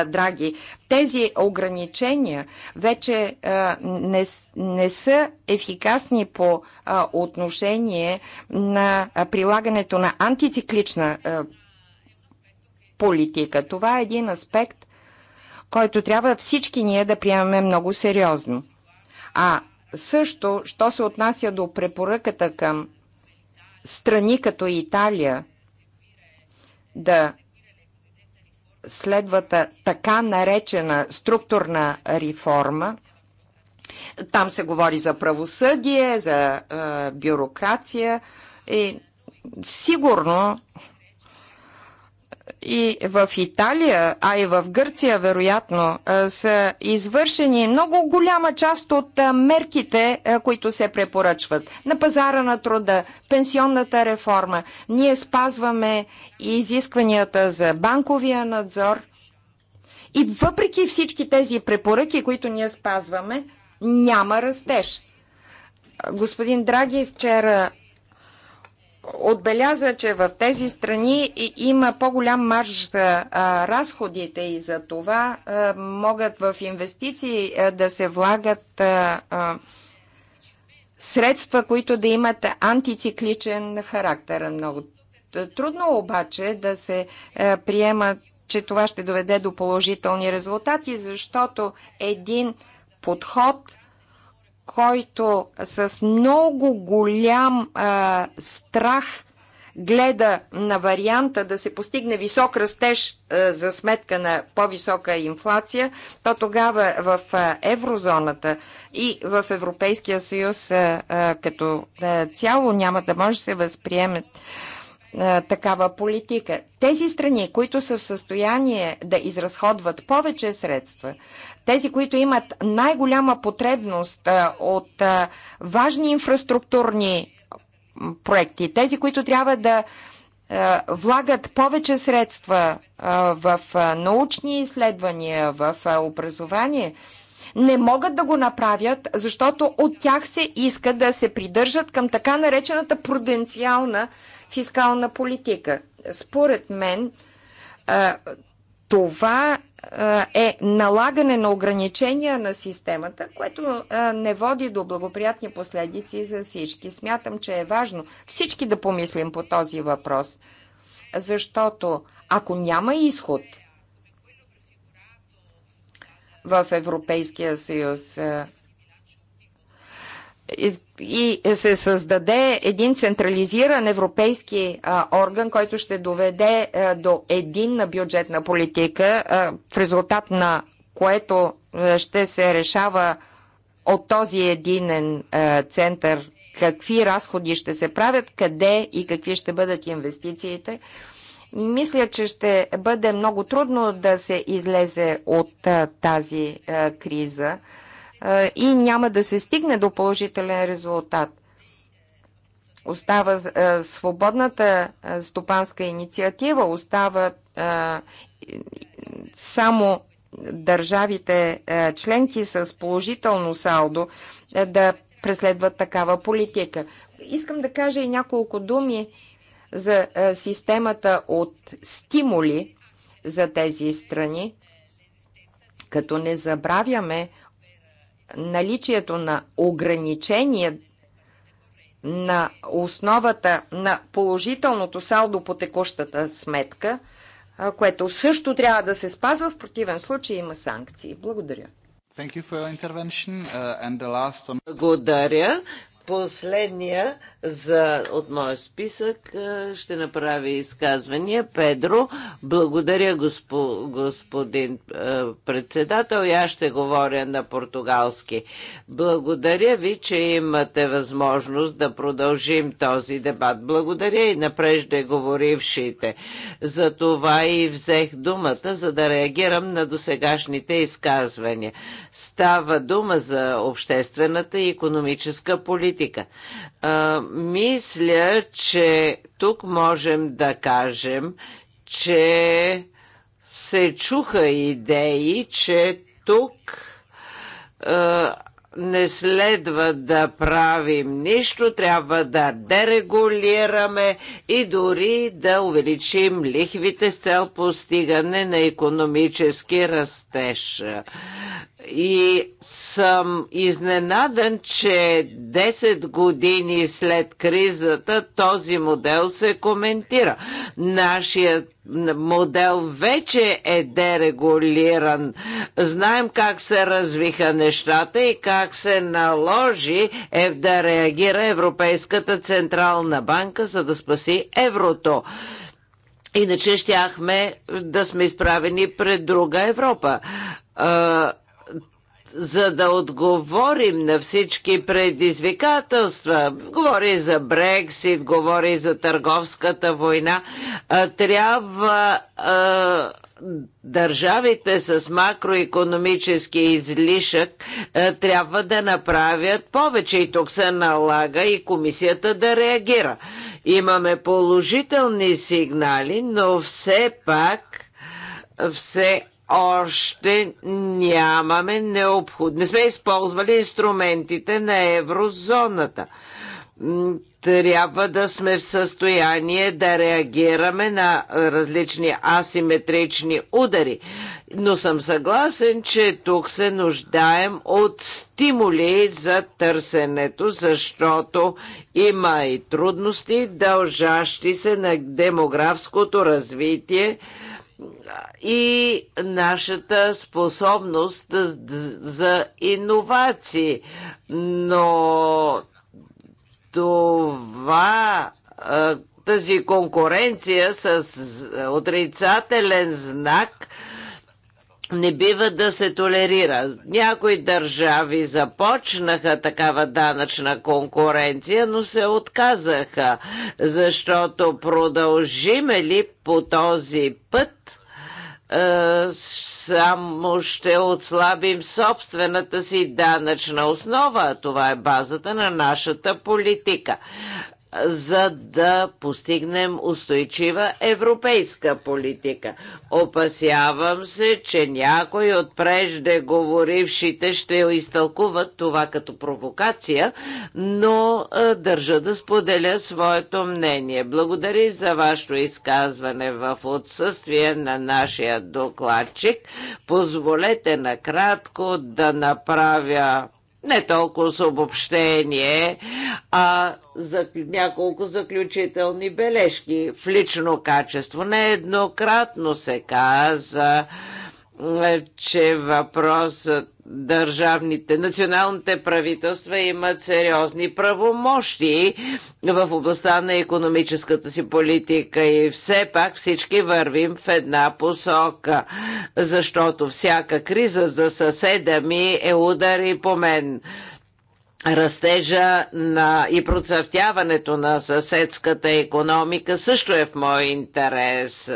Драги, тези ограничения вече не, не са ефикасни по отношение на прилагането на антициклична политика. Това е един аспект, който трябва всички ние да приемаме много сериозно. А също, що се отнася до препоръката към страни като Италия да следват така наречена структурна реформа, там се говори за правосъдие, за е, бюрокрация и сигурно и в Италия, а и в Гърция, вероятно, са извършени много голяма част от мерките, които се препоръчват. На пазара на труда, пенсионната реформа, ние спазваме изискванията за банковия надзор. И въпреки всички тези препоръки, които ние спазваме, няма растеж. Господин Драги вчера отбеляза, че в тези страни има по-голям марж за разходите и за това могат в инвестиции да се влагат средства, които да имат антицикличен характер. Много трудно обаче да се приема, че това ще доведе до положителни резултати, защото един подход – който с много голям а, страх гледа на варианта да се постигне висок растеж а, за сметка на по-висока инфлация, то тогава в а, еврозоната и в Европейския съюз а, а, като а, цяло няма да може да се възприеме такава политика. Тези страни, които са в състояние да изразходват повече средства, тези, които имат най-голяма потребност от важни инфраструктурни проекти, тези, които трябва да влагат повече средства в научни изследвания, в образование, не могат да го направят, защото от тях се иска да се придържат към така наречената пруденциална фискална политика. Според мен, това е налагане на ограничения на системата, което не води до благоприятни последици за всички. Смятам, че е важно всички да помислим по този въпрос, защото ако няма изход в Европейския съюз, и се създаде един централизиран европейски орган, който ще доведе до единна бюджетна политика, в резултат на което ще се решава от този единен център какви разходи ще се правят, къде и какви ще бъдат инвестициите. Мисля, че ще бъде много трудно да се излезе от тази криза и няма да се стигне до положителен резултат. Остава свободната стопанска инициатива, остава само държавите членки с положително салдо да преследват такава политика. Искам да кажа и няколко думи за системата от стимули за тези страни, като не забравяме наличието на ограничение на основата на положителното салдо по текущата сметка, което също трябва да се спазва, в противен случай има санкции. Благодаря. Uh, Благодаря. Последния за, от моя списък е, ще направи изказвания. Педро, благодаря госпо, господин е, председател и аз ще говоря на португалски. Благодаря ви, че имате възможност да продължим този дебат. Благодаря и на преждеговорившите. За това и взех думата, за да реагирам на досегашните изказвания. Става дума за обществената и економическа политика политика. А, мисля, че тук можем да кажем, че се чуха идеи, че тук а, не следва да правим нищо, трябва да дерегулираме и дори да увеличим лихвите с цел постигане на економически растеж и съм изненадан, че 10 години след кризата този модел се коментира. Нашият модел вече е дерегулиран. Знаем как се развиха нещата и как се наложи е да реагира Европейската Централна банка, за да спаси еврото. Иначе щяхме да сме изправени пред друга Европа за да отговорим на всички предизвикателства. Говори за Брексит, говори за търговската война. Трябва държавите с макроекономически излишък трябва да направят повече и тук се налага и комисията да реагира. Имаме положителни сигнали, но все пак все още нямаме необходимо. Не сме използвали инструментите на еврозоната. Трябва да сме в състояние да реагираме на различни асиметрични удари. Но съм съгласен, че тук се нуждаем от стимули за търсенето, защото има и трудности, дължащи се на демографското развитие и нашата способност за иновации. Но това, тази конкуренция с отрицателен знак – не бива да се толерира. Някои държави започнаха такава данъчна конкуренция, но се отказаха, защото продължиме ли по този път, е, само ще отслабим собствената си данъчна основа. Това е базата на нашата политика за да постигнем устойчива европейска политика. Опасявам се, че някои от преждеговорившите ще изтълкуват това като провокация, но държа да споделя своето мнение. Благодаря за вашето изказване в отсъствие на нашия докладчик. Позволете накратко да направя не толкова с обобщение, а за няколко заключителни бележки в лично качество. Нееднократно се каза, е, че въпросът държавните, националните правителства имат сериозни правомощи в областта на економическата си политика и все пак всички вървим в една посока, защото всяка криза за съседа ми е удар и по мен. Растежа на и процъфтяването на съседската економика също е в мой интерес.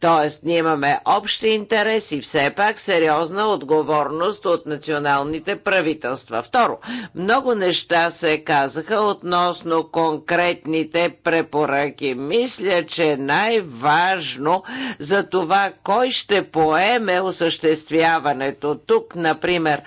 Тоест, ние имаме общи интерес и все пак сериозна отговорност от националните правителства. Второ, много неща се казаха относно конкретните препоръки. Мисля, че най-важно за това кой ще поеме осъществяването. Тук, например,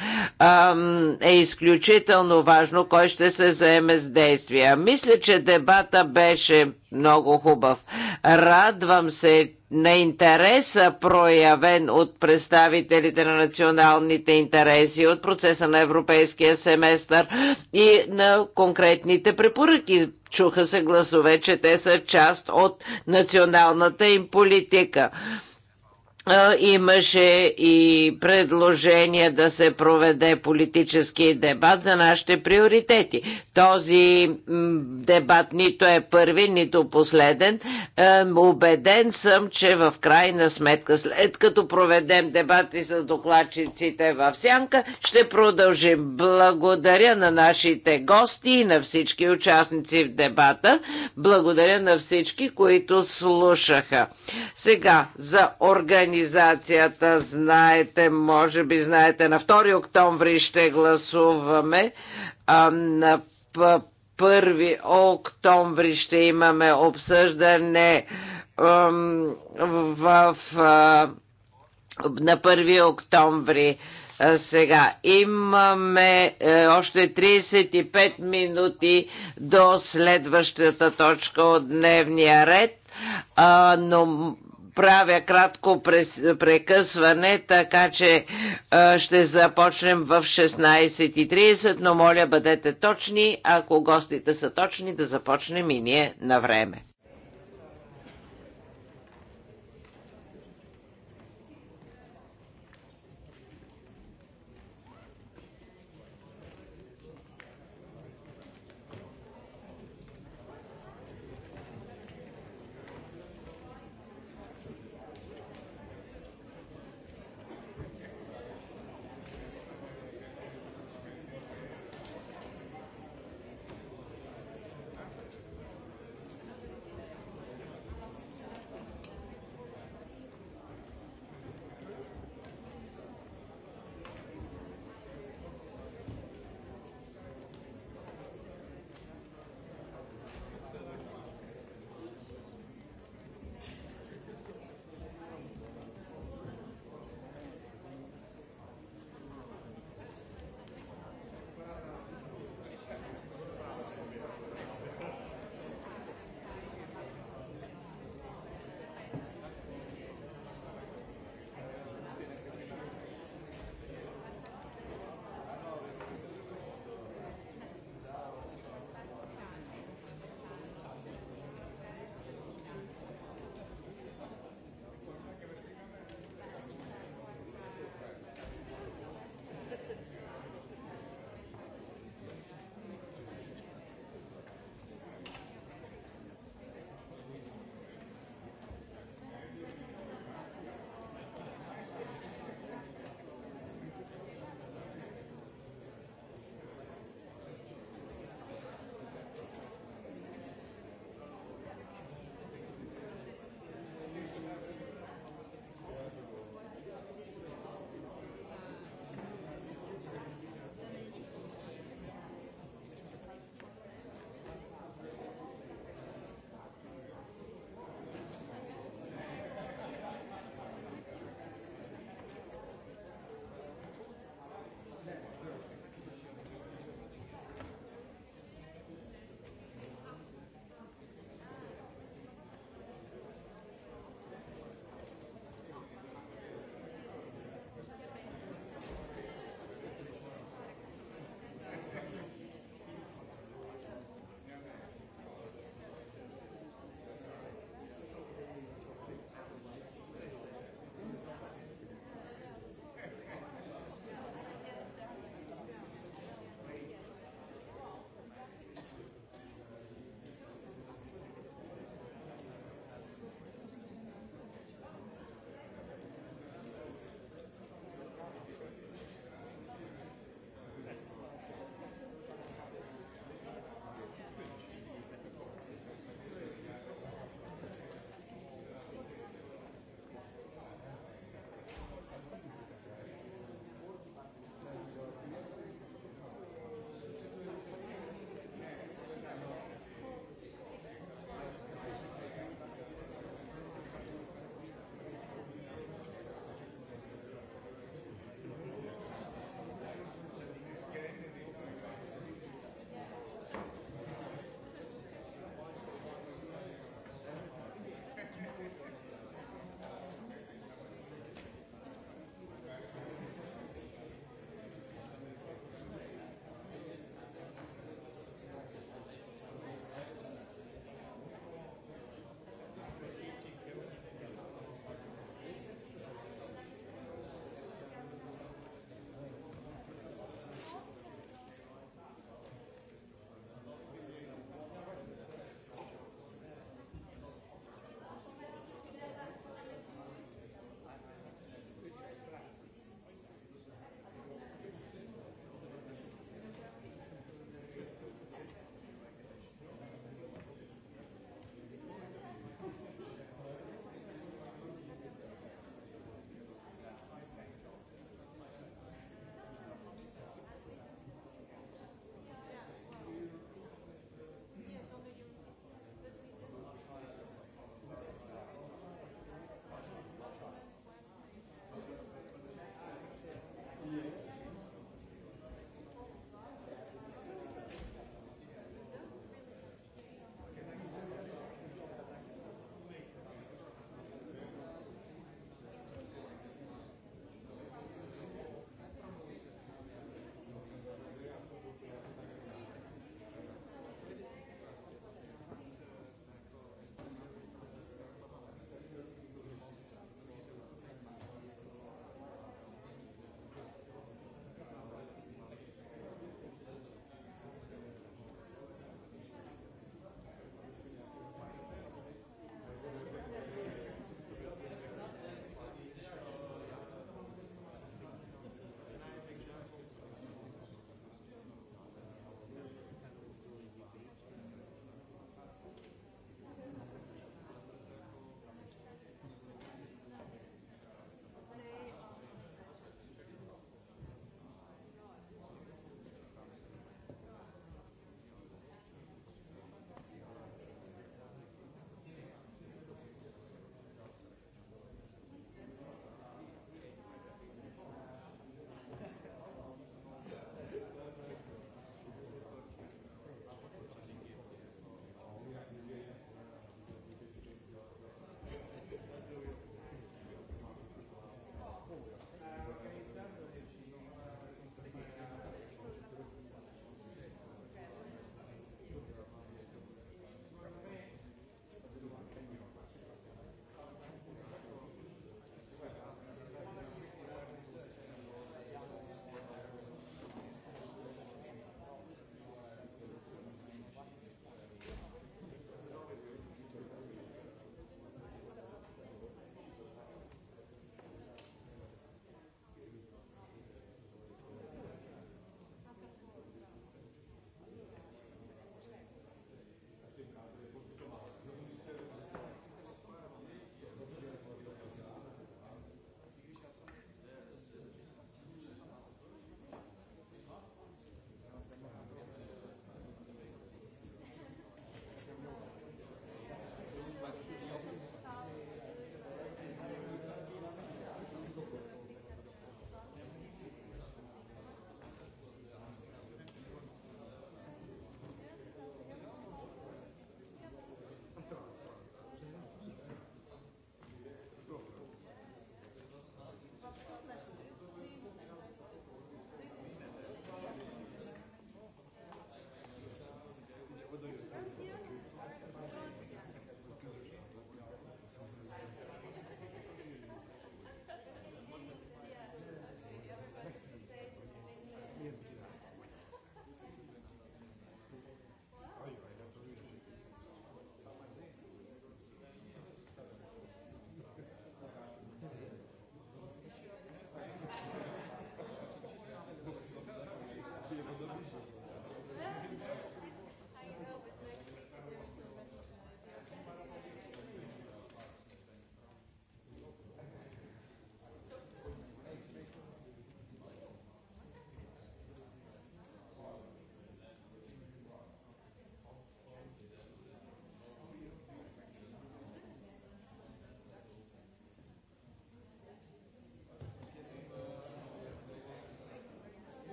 е изключително важно важно кой ще се заеме с действия. Мисля, че дебата беше много хубав. Радвам се на интереса, проявен от представителите на националните интереси, от процеса на европейския семестър и на конкретните препоръки. Чуха се гласове, че те са част от националната им политика. Имаше и предложение да се проведе политически дебат за нашите приоритети. Този дебат нито е първи, нито последен. Обеден съм, че в крайна сметка, след като проведем дебати с докладчиците в Сянка, ще продължим. Благодаря на нашите гости и на всички участници в дебата. Благодаря на всички, които слушаха. Сега за организацията организацията. Знаете, може би знаете, на 2 октомври ще гласуваме. А, на 1 октомври ще имаме обсъждане в, в, на 1 октомври. Сега имаме е, още 35 минути до следващата точка от дневния ред, а, но правя кратко прекъсване, така че ще започнем в 16.30, но моля бъдете точни, ако гостите са точни, да започнем и ние на време.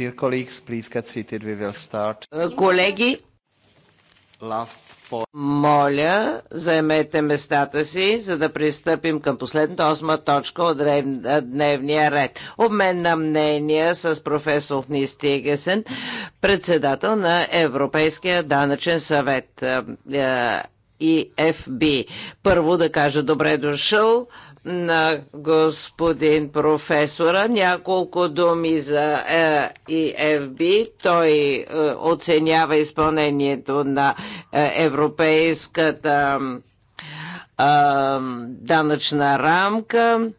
Dear colleagues, please get seated. We will start. Е, колеги, моля, заемете местата си, за да пристъпим към последната осма точка от е, дневния ред. Обмен на мнения с професор Нистигесен, председател на Европейския данъчен съвет е, и ФБ. Първо да кажа добре дошъл на господин професора. Няколко думи за ЕФБ. Той е, оценява изпълнението на е, европейската е, данъчна рамка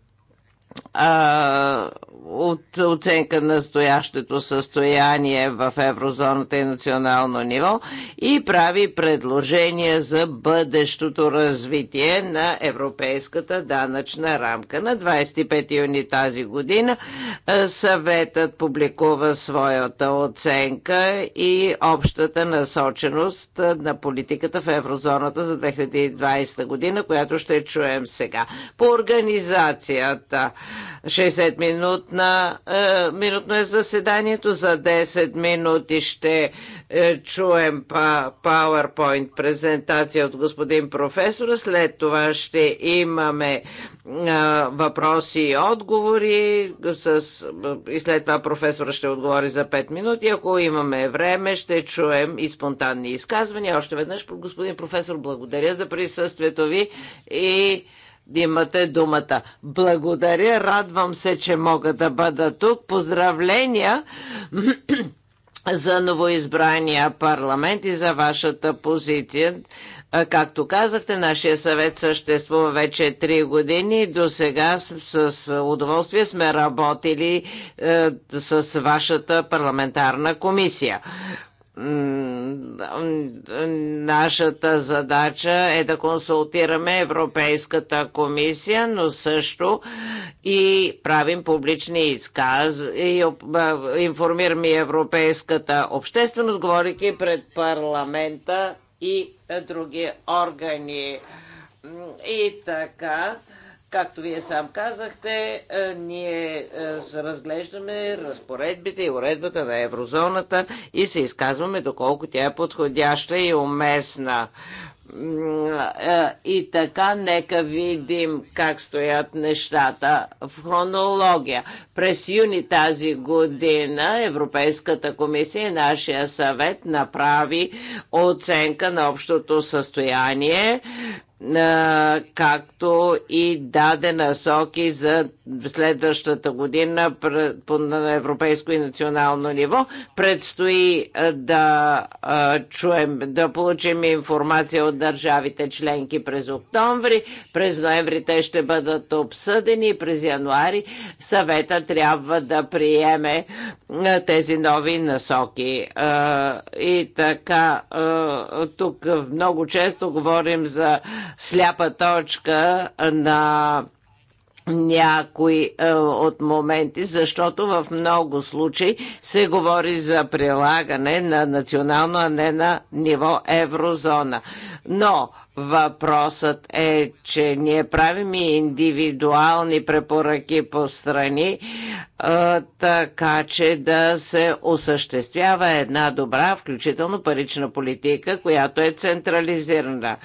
от оценка на стоящето състояние в еврозоната и национално ниво и прави предложения за бъдещото развитие на европейската данъчна рамка. На 25 юни тази година е, съветът публикува своята оценка и общата насоченост е, на политиката в еврозоната за 2020 година, която ще чуем сега. По организацията 60 минут на е, минутно е заседанието. За 10 минути ще е, чуем па, PowerPoint презентация от господин професора. След това ще имаме е, въпроси и отговори. С, и след това професора ще отговори за 5 минути. Ако имаме време, ще чуем и спонтанни изказвания. Още веднъж, господин професор, благодаря за присъствието ви и Имате думата. Благодаря, радвам се, че мога да бъда тук. Поздравления за новоизбрания парламент и за вашата позиция. Както казахте, нашия съвет съществува вече 3 години. До сега с, удоволствие сме работили е, с вашата парламентарна комисия. Нашата задача е да консултираме Европейската комисия, но също и правим публични изкази и информираме Европейската общественост, говорики пред парламента и други органи. И така, Както вие сам казахте, е, ние е, разглеждаме разпоредбите и уредбата на еврозоната и се изказваме доколко тя е подходяща и уместна. Е, и така, нека видим как стоят нещата в хронология. През юни тази година Европейската комисия и нашия съвет направи оценка на общото състояние както и даде насоки за следващата година на европейско и национално ниво. Предстои да чуем, да получим информация от държавите членки през октомври, през ноември те ще бъдат обсъдени и през януари съвета трябва да приеме тези нови насоки. И така, тук много често говорим за сляпа точка на някои е, от моменти, защото в много случаи се говори за прилагане на национално, а не на ниво еврозона. Но Въпросът е, че ние правим и индивидуални препоръки по страни, така че да се осъществява една добра, включително парична политика, която е централизирана.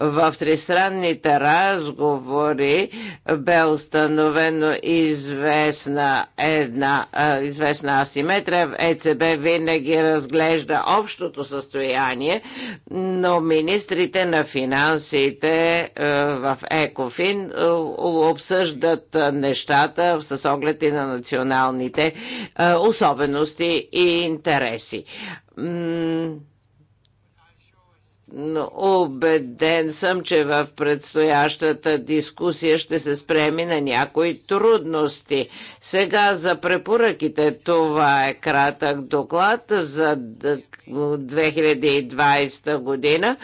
В тристранните разговори бе установено известна, една, известна асиметрия. ЕЦБ винаги разглежда общото състояние, но министрите на финансите финансите е, в ЕКОФИН е, обсъждат е, нещата с оглед и на националните особености и интереси. Обеден съм, че в предстоящата дискусия ще се спреми на някои трудности. Сега за препоръките. Това е кратък доклад за 2020 година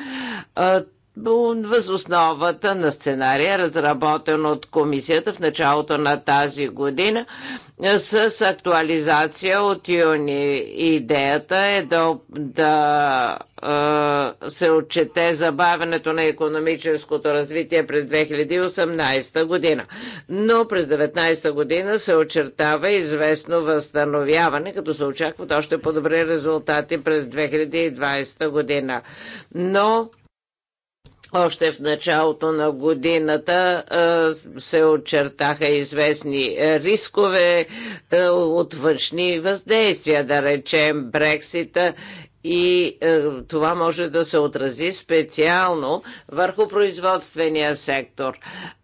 въз основата на сценария, разработен от комисията в началото на тази година с актуализация от юни. Идеята е да, да се отчете забавянето на економическото развитие през 2018 година. Но през 2019 година се очертава известно възстановяване, като се очакват още по-добри резултати през 2020 година. Но още в началото на годината се очертаха известни рискове от външни въздействия, да речем Брексита и е, това може да се отрази специално върху производствения сектор.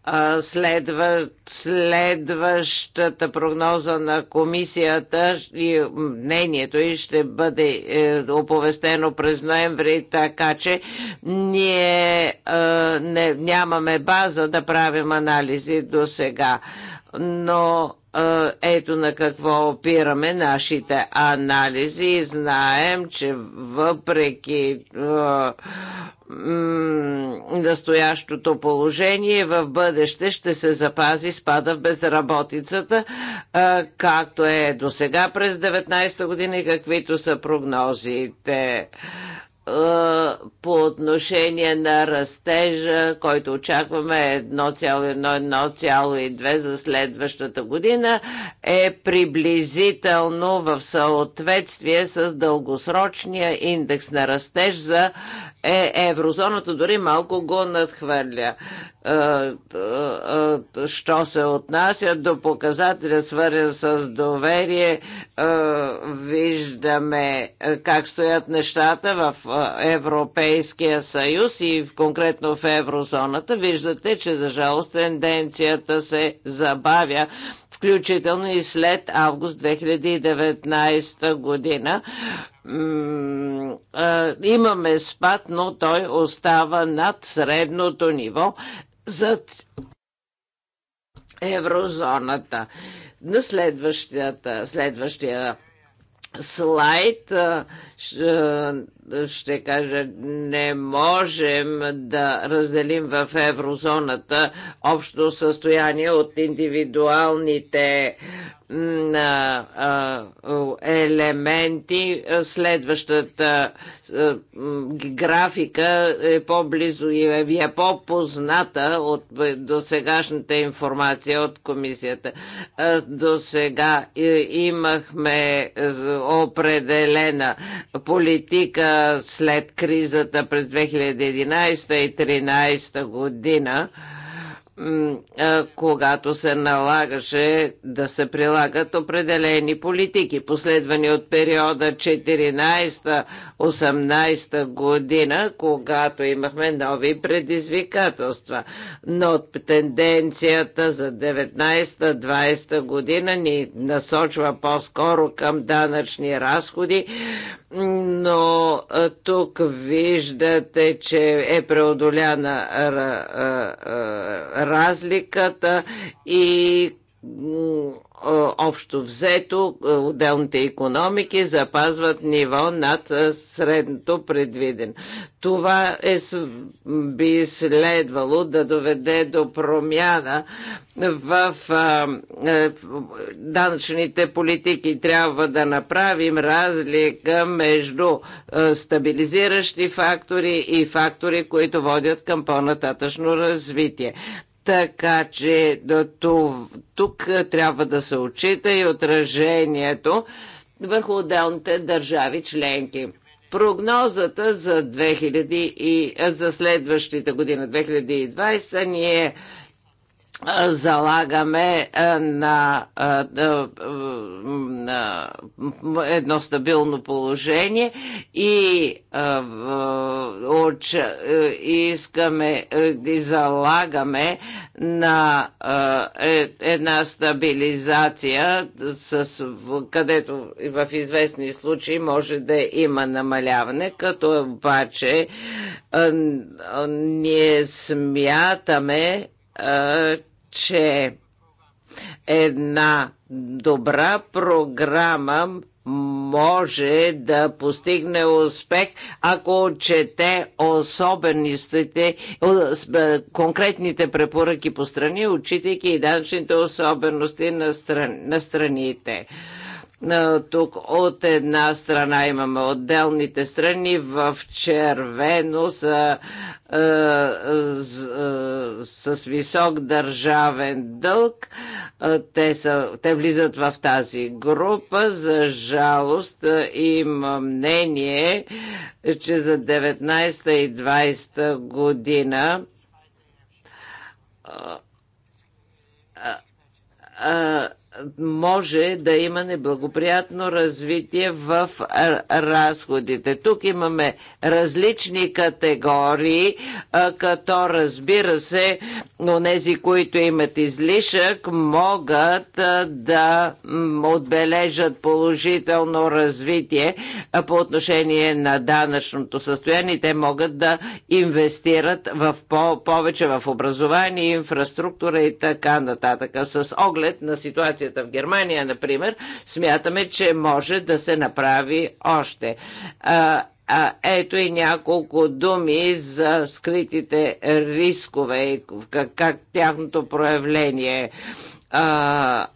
А, следва, следващата прогноза на комисията и мнението и ще бъде е, оповестено през ноември, така че ние е, не, нямаме база да правим анализи до сега. Но ето на какво опираме нашите анализи и знаем, че въпреки настоящото положение в бъдеще ще се запази спада в безработицата, както е до сега през 19 година и каквито са прогнозите. Е, по отношение на растежа, който очакваме 1,1-1,2 за следващата година, е приблизително в съответствие с дългосрочния индекс на растеж за е, еврозоната дори малко го надхвърля. Е, е, е, що се отнася до показателя, свързан с доверие, виждаме как стоят нещата в Европейския съюз и конкретно в еврозоната. Виждате, че за жалост тенденцията се забавя включително и след август 2019 година. Имаме спад, но той остава над средното ниво за еврозоната. На следващия слайд ще кажа, не можем да разделим в еврозоната общо състояние от индивидуалните елементи. Следващата графика е по-близо и е по-позната от досегашната информация от комисията. До сега е, имахме е, определена политика след кризата през 2011 и 2013 година когато се налагаше да се прилагат определени политики, последвани от периода 14-18 година, когато имахме нови предизвикателства. Но от тенденцията за 19-20 година ни насочва по-скоро към данъчни разходи, но тук виждате, че е преодоляна разликата и е, общо взето е, отделните економики запазват ниво над е, средното предвиден. Това е, би следвало да доведе до промяна в а, данъчните политики. Трябва да направим разлика между стабилизиращи фактори и фактори, които водят към по-нататъчно развитие. Така че до тук трябва да се отчита и отражението върху отделните държави членки. Прогнозата за, 2000 и, за следващите година 2020 ни е залагаме на, на едно стабилно положение и искаме и залагаме на е, една стабилизация, с, където в известни случаи може да има намаляване, като обаче ние смятаме, че една добра програма може да постигне успех, ако чете особеностите, конкретните препоръки по страни, отчитайки и данъчните особености на, стран, на страните. Тук от една страна имаме отделните страни в червено са, с, с висок държавен дълг. Те, са, те влизат в тази група. За жалост има мнение, че за 19 и 20 година а, а, може да има неблагоприятно развитие в разходите. Тук имаме различни категории, като разбира се, онези, които имат излишък, могат да отбележат положително развитие по отношение на данъчното състояние. Те могат да инвестират в по- повече в образование, инфраструктура и така нататък. С оглед на ситуацията ситуацията в Германия, например, смятаме, че може да се направи още. Ето и няколко думи за скритите рискове и как, как тяхното проявление. А,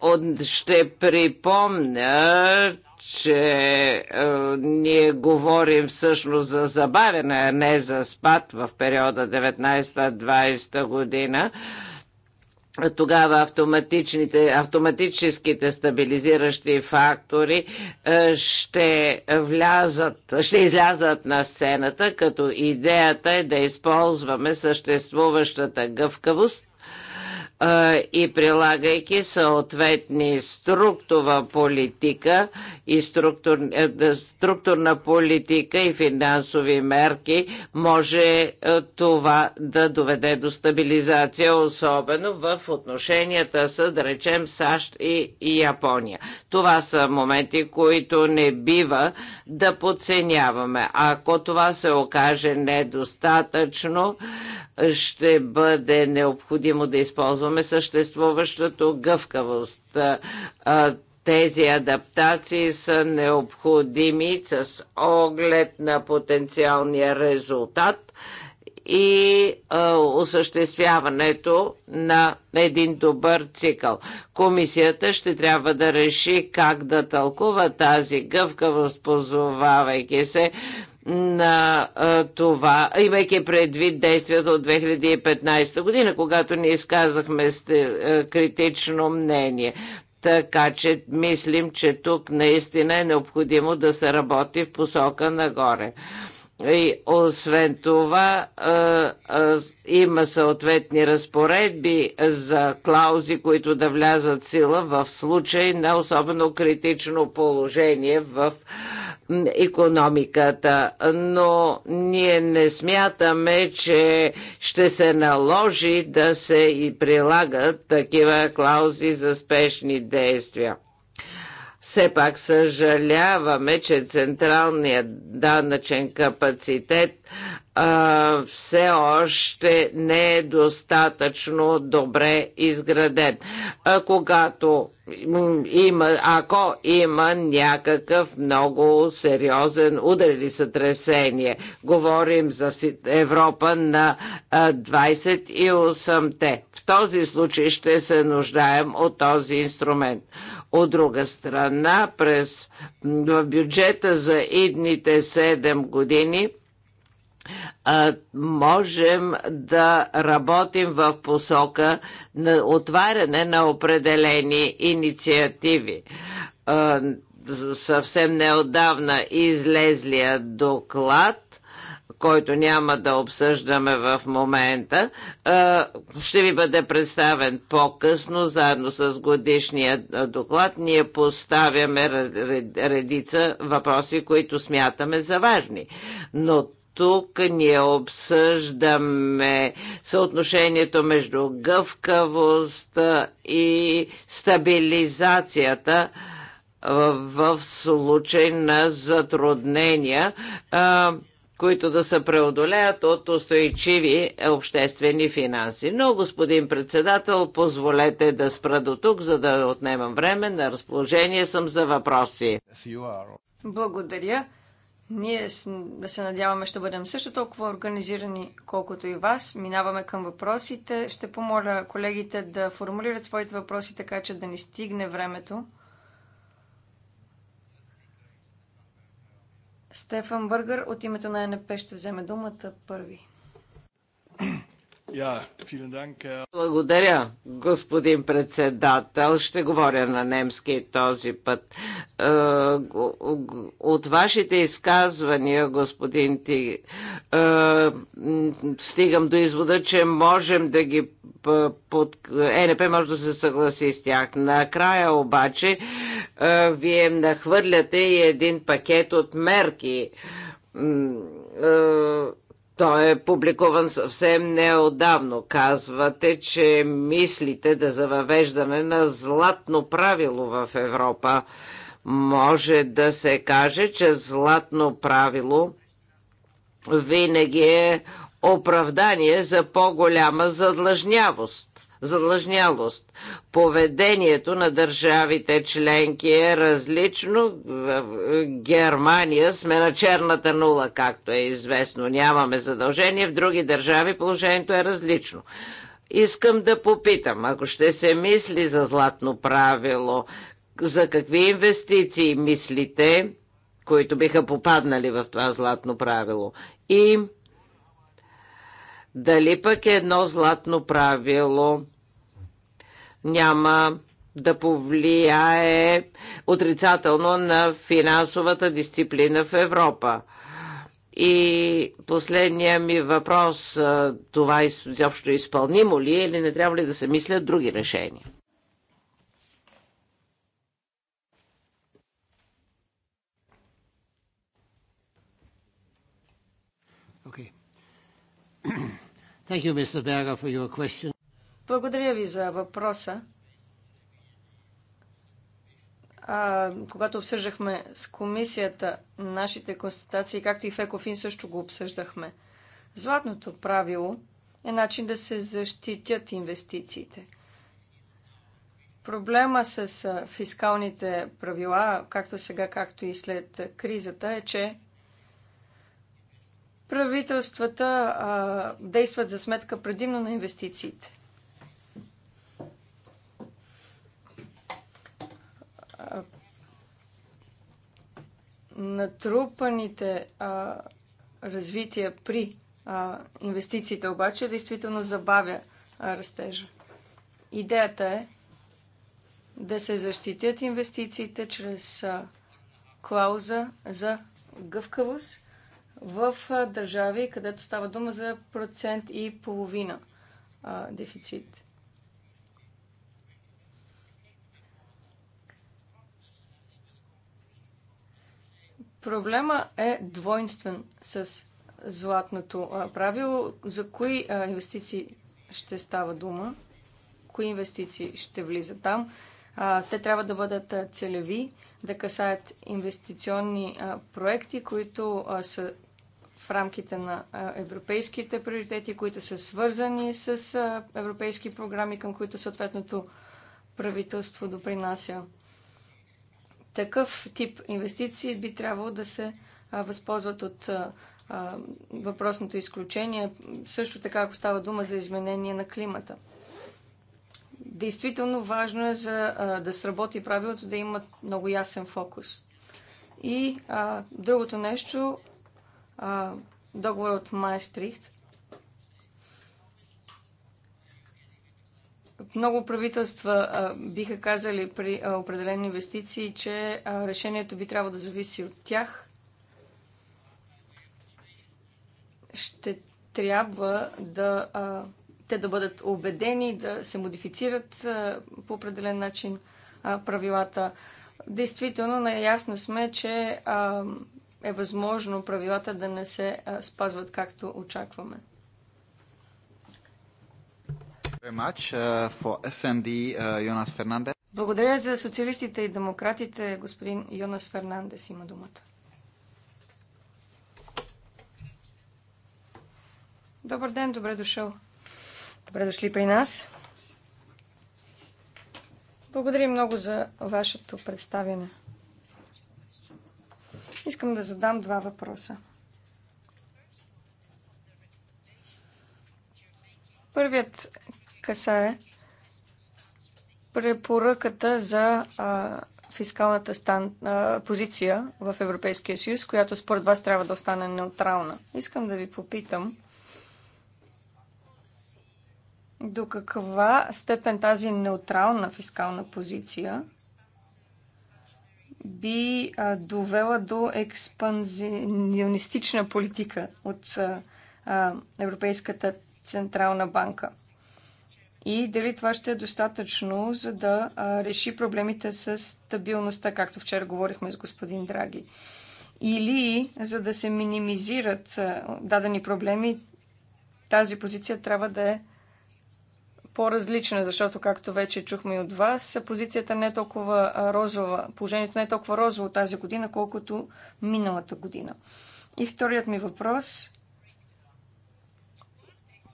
от, ще припомня, че е, ние говорим всъщност за забавяне, а не за спад в периода 19-20 година. Е, тогава автоматичните, автоматическите стабилизиращи фактори е, ще влязат, ще излязат на сцената, като идеята е да използваме съществуващата гъвкавост и прилагайки съответни структура политика и структур, е, структурна политика и финансови мерки, може е, това да доведе до стабилизация, особено в отношенията с, да речем, САЩ и, и Япония. Това са моменти, които не бива да подценяваме. Ако това се окаже недостатъчно, ще бъде необходимо да използваме съществуващото гъвкавост. Тези адаптации са необходими с оглед на потенциалния резултат и осъществяването на един добър цикъл. Комисията ще трябва да реши как да тълкува тази гъвкавост, позовавайки се на а, това, имайки предвид действията от 2015 година, когато ни изказахме сте, а, критично мнение. Така че мислим, че тук наистина е необходимо да се работи в посока нагоре. И освен това, а, а, има съответни разпоредби за клаузи, които да влязат сила в случай на особено критично положение в а, економиката, но ние не смятаме, че ще се наложи да се и прилагат такива клаузи за спешни действия. Все пак съжаляваме, че централният данъчен капацитет а, все още не е достатъчно добре изграден. А, когато има, ако има някакъв много сериозен удар или сътресение. Говорим за Европа на 28-те. В този случай ще се нуждаем от този инструмент. От друга страна, през, в бюджета за идните 7 години – можем да работим в посока на отваряне на определени инициативи съвсем неодавна излезлия доклад, който няма да обсъждаме в момента, ще ви бъде представен по-късно, заедно с годишния доклад. Ние поставяме редица въпроси, които смятаме за важни. Но тук ние обсъждаме съотношението между гъвкавост и стабилизацията в случай на затруднения, които да се преодолеят от устойчиви обществени финанси. Но, господин председател, позволете да спра до тук, за да отнемам време. На разположение съм за въпроси. Благодаря. Ние да се надяваме ще бъдем също толкова организирани, колкото и вас. Минаваме към въпросите. Ще помоля колегите да формулират своите въпроси така, че да ни стигне времето. Стефан Бъргър от името на НП ще вземе думата първи. Благодаря, господин председател. Ще говоря на немски този път. Е, от вашите изказвания, господин Ти, е, стигам до извода, че можем да ги под... ЕНП може да се съгласи с тях. Накрая обаче е, вие нахвърляте и един пакет от мерки той е публикуван съвсем неодавно. Казвате, че мислите да за въвеждане на златно правило в Европа. Може да се каже, че златно правило винаги е оправдание за по-голяма задлъжнявост задлъжнялост. Поведението на държавите членки е различно. В Германия сме на черната нула, както е известно. Нямаме задължение. В други държави положението е различно. Искам да попитам, ако ще се мисли за златно правило, за какви инвестиции мислите, които биха попаднали в това златно правило? И дали пък едно златно правило няма да повлияе отрицателно на финансовата дисциплина в Европа. И последния ми въпрос, това изобщо изпълнимо ли е или не трябва ли да се мислят други решения? Okay. Thank you, Mr. Berger, for your question. Благодаря ви за въпроса. А, когато обсъждахме с комисията нашите констатации, както и в Екофин също го обсъждахме, златното правило е начин да се защитят инвестициите. Проблема с фискалните правила, както сега, както и след кризата, е, че правителствата а, действат за сметка предимно на инвестициите. натрупаните а, развития при а, инвестициите обаче действително забавя а, растежа. Идеята е да се защитят инвестициите чрез а, клауза за гъвкавост в а, държави, където става дума за процент и половина а, дефицит. Проблема е двойнствен с златното правило. За кои инвестиции ще става дума? Кои инвестиции ще влизат там? Те трябва да бъдат целеви, да касаят инвестиционни проекти, които са в рамките на европейските приоритети, които са свързани с европейски програми, към които съответното правителство допринася такъв тип инвестиции би трябвало да се възползват от въпросното изключение, също така ако става дума за изменение на климата. Действително важно е за да сработи правилото да има много ясен фокус. И а, другото нещо, а, договор от Майстрихт Много правителства а, биха казали при а, определени инвестиции, че а, решението би трябвало да зависи от тях. Ще трябва да а, те да бъдат убедени, да се модифицират а, по определен начин а, правилата. Действително, наясно сме, че а, е възможно правилата да не се а, спазват както очакваме. Uh, uh, Благодаря за социалистите и демократите. Господин Йонас Фернандес има думата. Добър ден, добре дошъл. Добре дошли при нас. Благодаря много за вашето представяне. Искам да задам два въпроса. Първият касае препоръката за а, фискалната стан, а, позиция в Европейския съюз, която според вас трябва да остане неутрална. Искам да ви попитам до каква степен тази неутрална фискална позиция би а, довела до експанзионистична политика от а, Европейската централна банка и дали това ще е достатъчно, за да реши проблемите с стабилността, както вчера говорихме с господин Драги. Или, за да се минимизират дадени проблеми, тази позиция трябва да е по-различна, защото, както вече чухме от вас, позицията не е толкова розова, положението не е толкова розово тази година, колкото миналата година. И вторият ми въпрос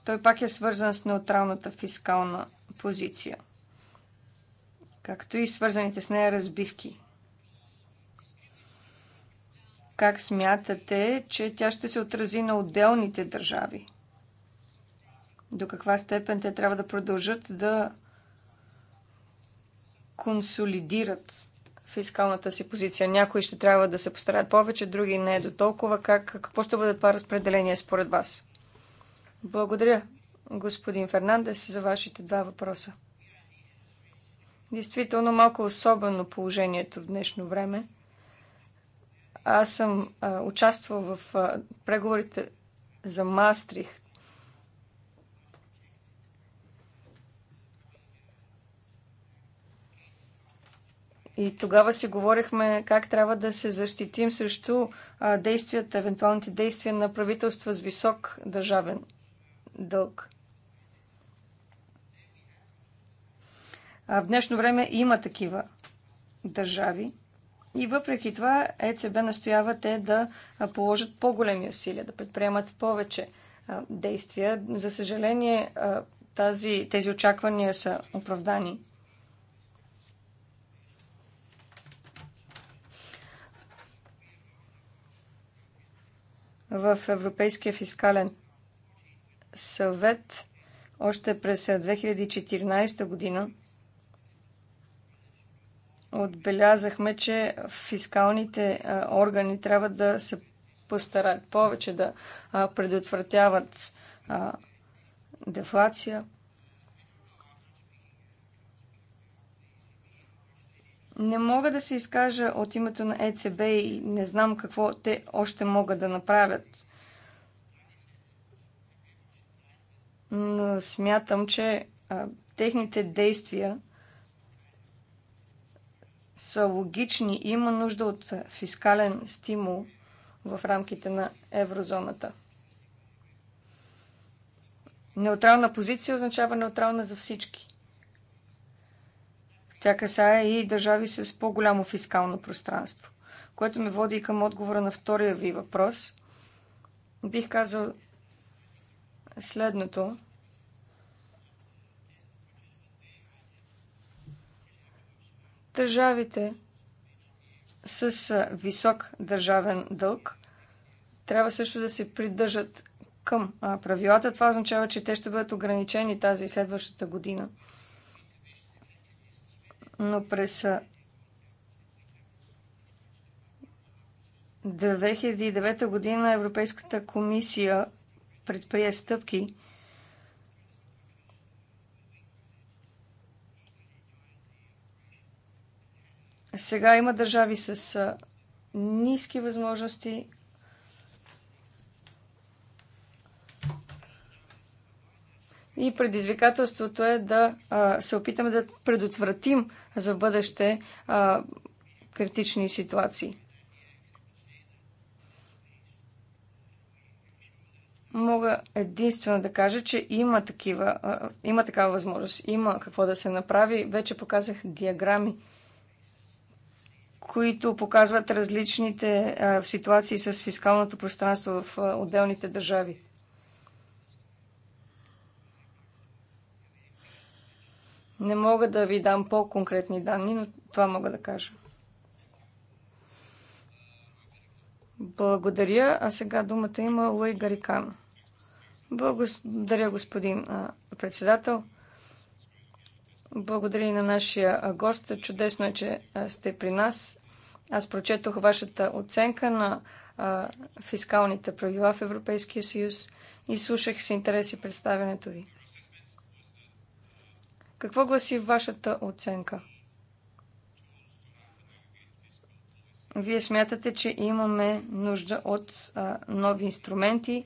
той пак е свързан с неутралната фискална позиция, както и свързаните с нея разбивки. Как смятате, че тя ще се отрази на отделните държави? До каква степен те трябва да продължат да консолидират фискалната си позиция. Някои ще трябва да се постарат повече, други не е до толкова. Как, какво ще бъде това разпределение според вас? Благодаря, господин Фернандес, за вашите два въпроса. Действително малко особено положението в днешно време. Аз съм а, участвал в а, преговорите за Мастрих. И тогава си говорихме как трябва да се защитим срещу а, действията, евентуалните действия на правителства с висок държавен дълг. А в днешно време има такива държави. И въпреки това ЕЦБ настоява те да положат по-големи усилия, да предприемат повече действия. За съжаление, тази, тези очаквания са оправдани. В Европейския фискален съвет още през 2014 година отбелязахме, че фискалните органи трябва да се постарат повече да предотвратяват дефлация. Не мога да се изкажа от името на ЕЦБ и не знам какво те още могат да направят но смятам, че а, техните действия са логични и има нужда от фискален стимул в рамките на еврозоната. Неутрална позиция означава неутрална за всички. Тя касае и държави с по-голямо фискално пространство, което ме води и към отговора на втория ви въпрос. Бих казал следното. Държавите с висок държавен дълг трябва също да се придържат към правилата. Това означава, че те ще бъдат ограничени тази следващата година. Но през 2009 година Европейската комисия предприе стъпки Сега има държави с ниски възможности. И предизвикателството е да а, се опитаме да предотвратим за бъдеще а, критични ситуации. мога единствено да кажа, че има, такива, а, има такава възможност. Има какво да се направи. Вече показах диаграми, които показват различните а, ситуации с фискалното пространство в а, отделните държави. Не мога да ви дам по-конкретни данни, но това мога да кажа. Благодаря. А сега думата има Луи Гарикано. Благодаря, господин председател. Благодаря и на нашия гост. Чудесно е, че сте при нас. Аз прочетох вашата оценка на фискалните правила в Европейския съюз и слушах с интерес и представянето ви. Какво гласи вашата оценка? Вие смятате, че имаме нужда от а, нови инструменти,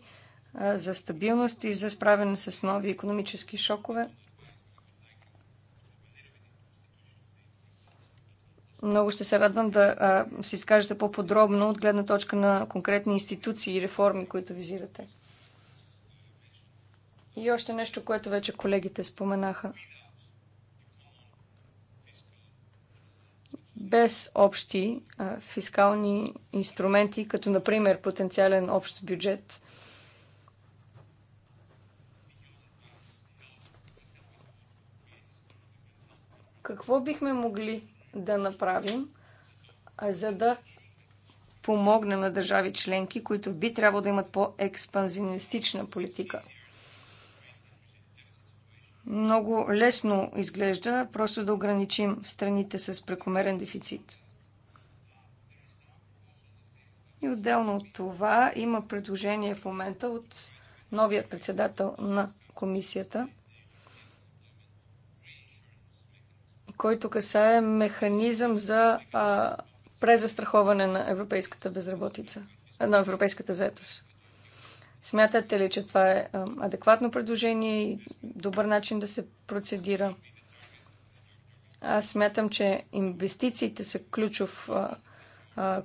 за стабилност и за справяне с нови економически шокове. Много ще се радвам да се изкажете по-подробно от гледна точка на конкретни институции и реформи, които визирате. И още нещо, което вече колегите споменаха. Без общи а, фискални инструменти, като например потенциален общ бюджет – Какво бихме могли да направим, за да помогнем на държави членки, които би трябвало да имат по-експанзионистична политика? Много лесно изглежда просто да ограничим страните с прекомерен дефицит. И отделно от това има предложение в момента от новият председател на комисията – който касае механизъм за а, презастраховане на европейската безработица, на европейската заетост. Смятате ли, че това е адекватно предложение и добър начин да се процедира? Аз смятам, че инвестициите са ключов, а, а,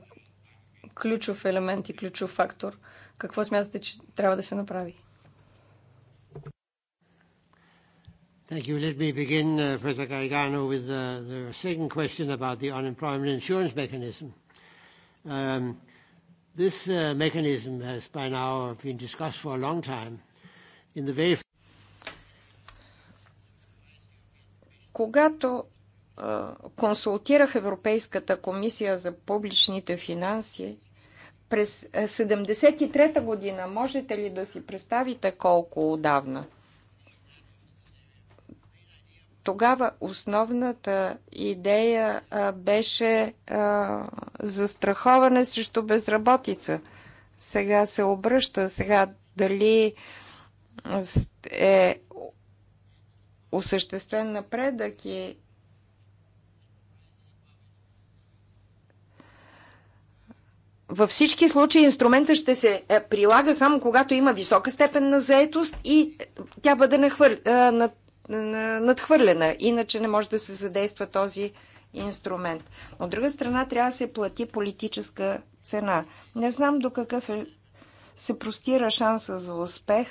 ключов елемент и ключов фактор. Какво смятате, че трябва да се направи? Thank you. Let me begin, uh, Professor Garigano, with uh, the second question about the unemployment insurance mechanism. Um, this uh, mechanism has by now been discussed for a long time. In the very Когато uh, консултирах Европейската комисия за публичните финанси, през 73-та година, можете ли да си представите колко отдавна – тогава основната идея беше застраховане срещу безработица. Сега се обръща. Сега дали е осъществен напредък и във всички случаи инструмента ще се е, прилага само когато има висока степен на заетост и е, тя бъде нахвър... Е, надхвърлена. Иначе не може да се задейства този инструмент. От друга страна, трябва да се плати политическа цена. Не знам до какъв е, се простира шанса за успех.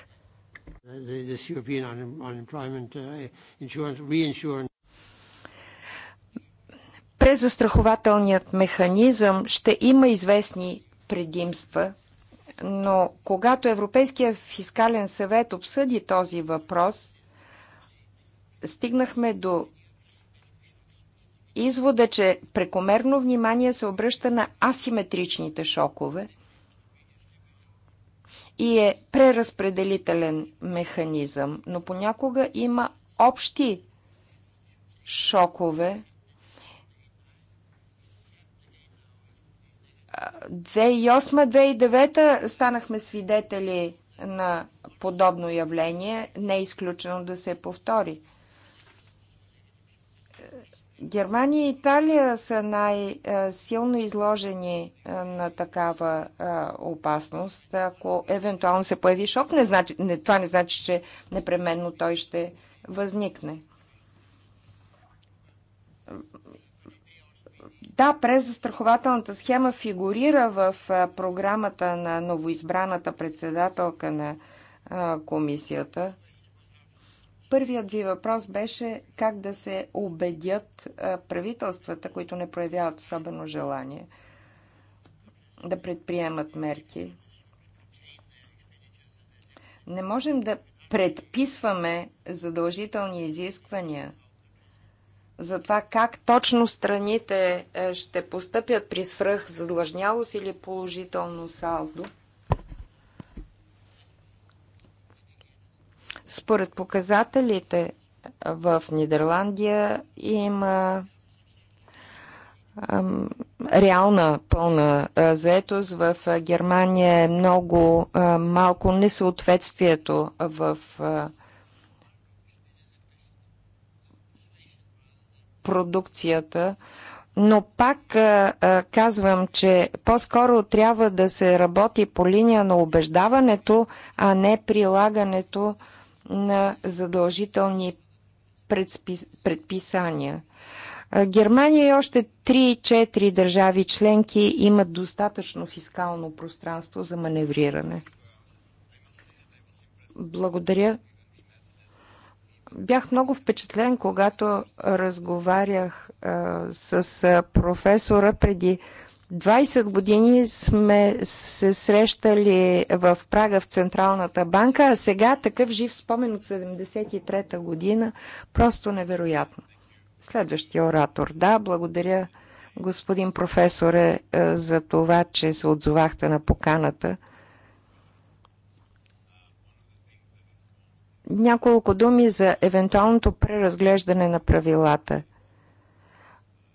Uh, През застрахователният механизъм ще има известни предимства, но когато Европейския фискален съвет обсъди този въпрос – стигнахме до извода, че прекомерно внимание се обръща на асиметричните шокове и е преразпределителен механизъм, но понякога има общи шокове. 2008-2009 станахме свидетели на подобно явление, не е изключено да се повтори. Германия и Италия са най-силно изложени на такава опасност. Ако евентуално се появи шок, не значи, не, това не значи, че непременно той ще възникне. Да, през застрахователната схема фигурира в програмата на новоизбраната председателка на комисията. Първият ви въпрос беше как да се убедят правителствата, които не проявяват особено желание да предприемат мерки. Не можем да предписваме задължителни изисквания за това как точно страните е, ще постъпят при свръх задлъжнялост или положително салдо. Според показателите в Нидерландия има реална пълна заетост. В Германия е много малко несъответствието в продукцията. Но пак казвам, че по-скоро трябва да се работи по линия на убеждаването, а не прилагането на задължителни предписания. Германия и още 3-4 държави членки имат достатъчно фискално пространство за маневриране. Благодаря. Бях много впечатлен, когато разговарях а, с а, професора преди 20 години сме се срещали в Прага в Централната банка, а сега такъв жив спомен от 73-та година. Просто невероятно. Следващия оратор. Да, благодаря господин професоре е, за това, че се отзовахте на поканата. Няколко думи за евентуалното преразглеждане на правилата –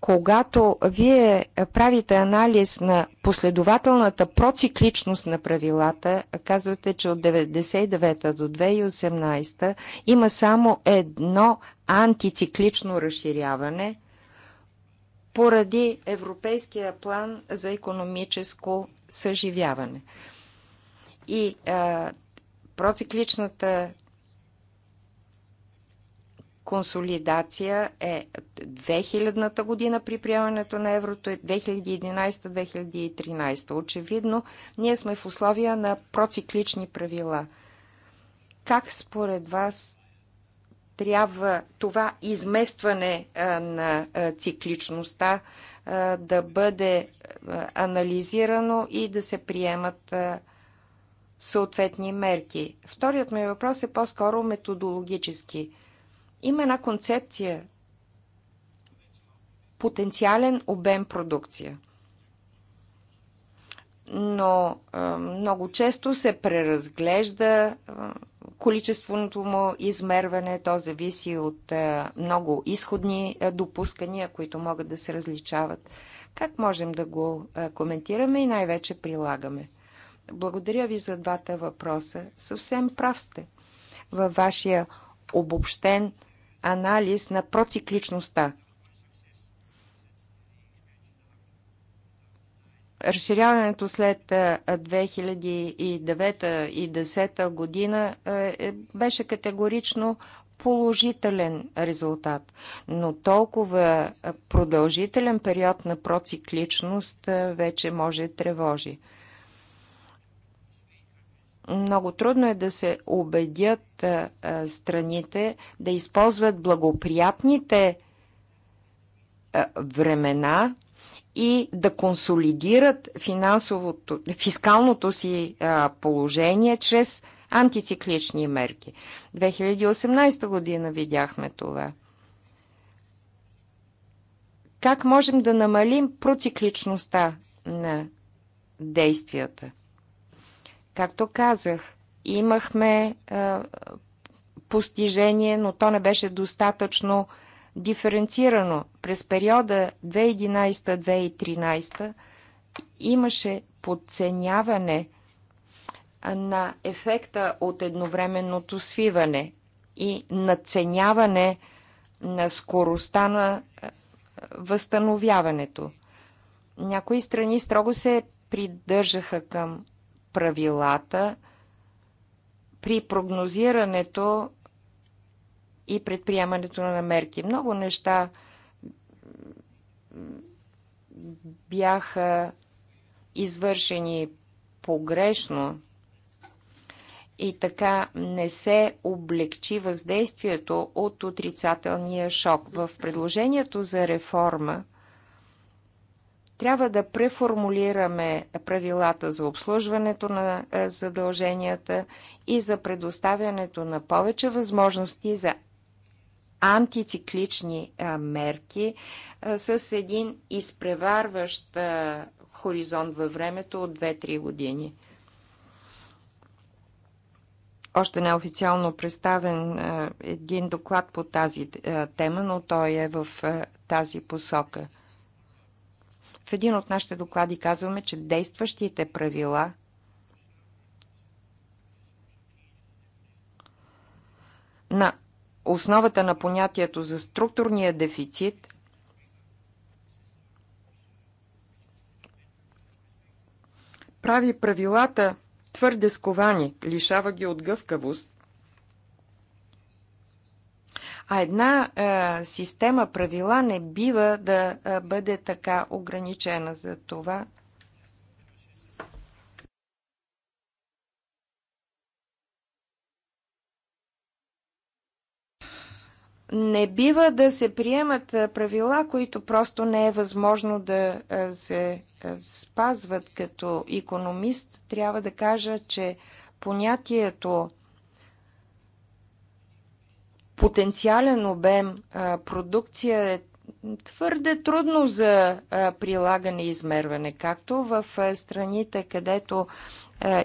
когато вие правите анализ на последователната процикличност на правилата, казвате, че от 1999 до 2018 има само едно антициклично разширяване поради Европейския план за економическо съживяване. И а, процикличната консолидация е 2000-та година при приемането на еврото е 2011-2013. Очевидно, ние сме в условия на проциклични правила. Как според вас трябва това изместване на цикличността да бъде анализирано и да се приемат съответни мерки. Вторият ми въпрос е по-скоро методологически. Има една концепция потенциален обем продукция. Но много често се преразглежда количественото му измерване. То зависи от много изходни допускания, които могат да се различават. Как можем да го коментираме и най-вече прилагаме? Благодаря ви за двата въпроса. Съвсем прав сте. Във вашия обобщен анализ на процикличността. Разширяването след 2009 и 2010 година е, беше категорично положителен резултат, но толкова продължителен период на процикличност вече може тревожи много трудно е да се убедят страните да използват благоприятните времена и да консолидират финансовото, фискалното си положение чрез антициклични мерки. 2018 година видяхме това. Как можем да намалим процикличността на действията? Както казах, имахме а, постижение, но то не беше достатъчно диференцирано. През периода 2011-2013 имаше подценяване на ефекта от едновременното свиване и надценяване на скоростта на възстановяването. Някои страни строго се придържаха към правилата при прогнозирането и предприемането на мерки. Много неща бяха извършени погрешно и така не се облегчи въздействието от отрицателния шок. В предложението за реформа трябва да преформулираме правилата за обслужването на е, задълженията и за предоставянето на повече възможности за антициклични е, мерки е, с един изпреварващ хоризонт във времето от 2-3 години. Още неофициално представен един доклад по тази тема, но той е в тази посока – в един от нашите доклади казваме, че действащите правила на основата на понятието за структурния дефицит прави правилата твърде сковани, лишава ги от гъвкавост а една а, система правила не бива да а, бъде така ограничена за това. Не бива да се приемат правила, които просто не е възможно да се спазват. Като економист трябва да кажа, че понятието потенциален обем продукция е твърде трудно за прилагане и измерване, както в страните, където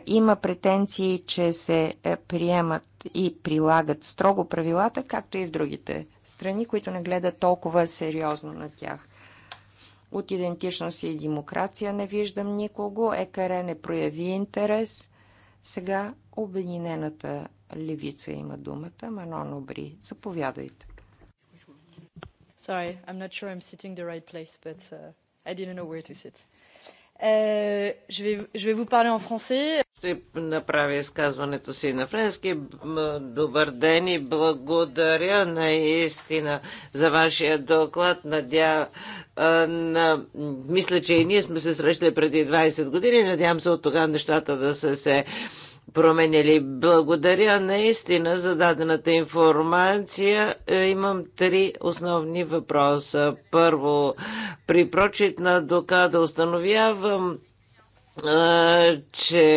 има претенции, че се приемат и прилагат строго правилата, както и в другите страни, които не гледат толкова сериозно на тях. От идентичност и демокрация не виждам никого. ЕКР не прояви интерес. Сега Обединената левица има думата. Манон Обри, заповядайте. Sorry, I'm not sure I'm sitting the right place, but uh, I didn't know where to sit. Uh, je, vais, je vais vous parler en français. Ще направя изказването си на френски. Добър ден и благодаря наистина за вашия доклад. Надя... На... Мисля, че и ние сме се срещали преди 20 години. Надявам се от тогава нещата да са се променили. Благодаря наистина за дадената информация. Е, имам три основни въпроса. Първо, при прочит на доклада установявам, че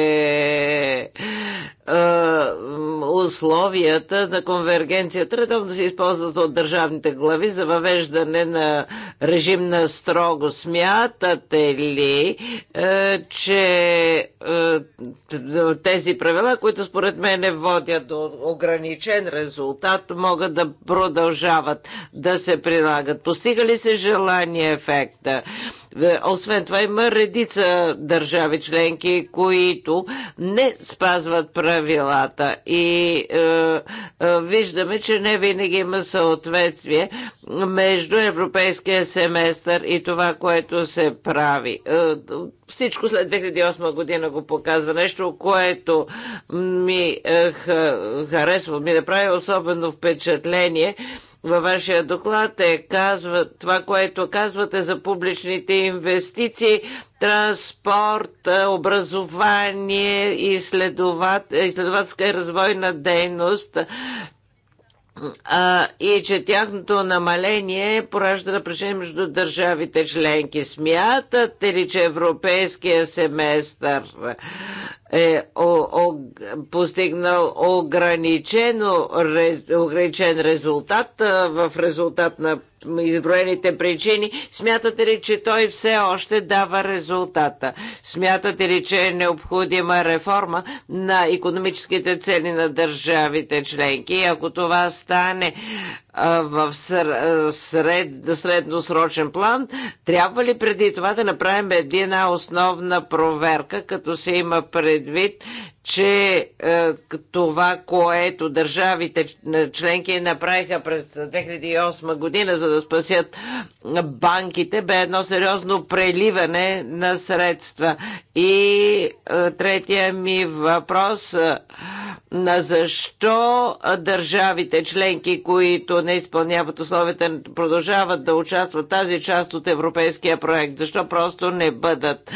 условията на конвергенцията редовно се използват от държавните глави за въвеждане на режим на строго. Смятате ли, че тези правила, които според мен водят до ограничен резултат, могат да продължават да се прилагат? Постига ли се желание ефекта? Освен това има редица държави членки, които не спазват правила правилата. И е, е, виждаме, че не винаги има съответствие между европейския семестър и това, което се прави. Е, всичко след 2008 година го показва нещо, което ми е, харесва, ми направи особено впечатление. Е, във вашия доклад е казва, това, което казвате за публичните инвестиции, транспорт, е, образование, и изследователска и развойна дейност а, и че тяхното намаление поражда напрежение между държавите членки. Смятате ли, че европейския семестър е о, о, постигнал ограничено, рез, ограничен резултат а, в резултат на изброените причини, смятате ли, че той все още дава резултата? Смятате ли, че е необходима реформа на економическите цели на държавите членки? И ако това стане в сред, средносрочен план, трябва ли преди това да направим една основна проверка, като се има предвид, че е, това, което държавите членки направиха през 2008 година, за да спасят банките, бе едно сериозно преливане на средства. И е, третия ми въпрос. Е, на защо държавите членки, които не изпълняват условията, продължават да участват тази част от европейския проект? Защо просто не бъдат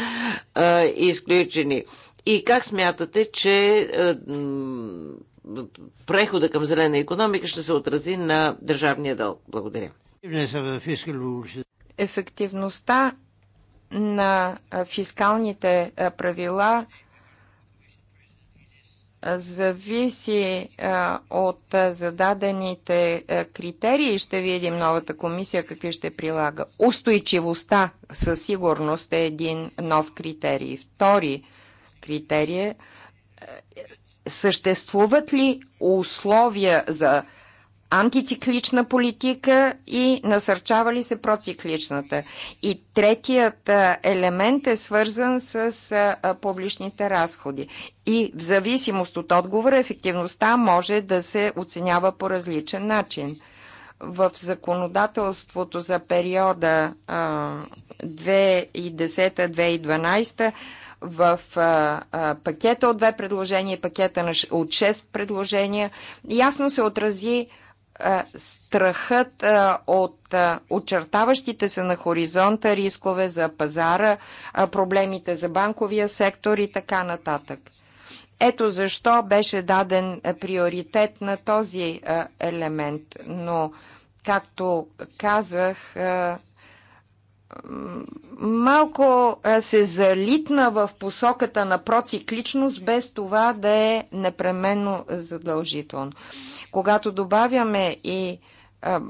а, е, изключени? И как смятате, че а, е, прехода към зелена економика ще се отрази на държавния дълг? Благодаря. Ефективността на фискалните е, правила зависи от зададените критерии. Ще видим новата комисия какви ще прилага. Устойчивостта със сигурност е един нов критерий. Втори критерий е съществуват ли условия за антициклична политика и насърчава ли се процикличната. И третият елемент е свързан с публичните разходи. И в зависимост от отговора, ефективността може да се оценява по различен начин. В законодателството за периода 2010-2012 в а, а, пакета от две предложения, пакета на, от шест предложения, ясно се отрази е, страхът е, от е, очертаващите се на хоризонта рискове за пазара, проблемите за банковия сектор и така нататък. Ето защо беше даден приоритет на този елемент, но както казах, малко се залитна в посоката на процикличност, без това да е непременно задължително когато добавяме и а,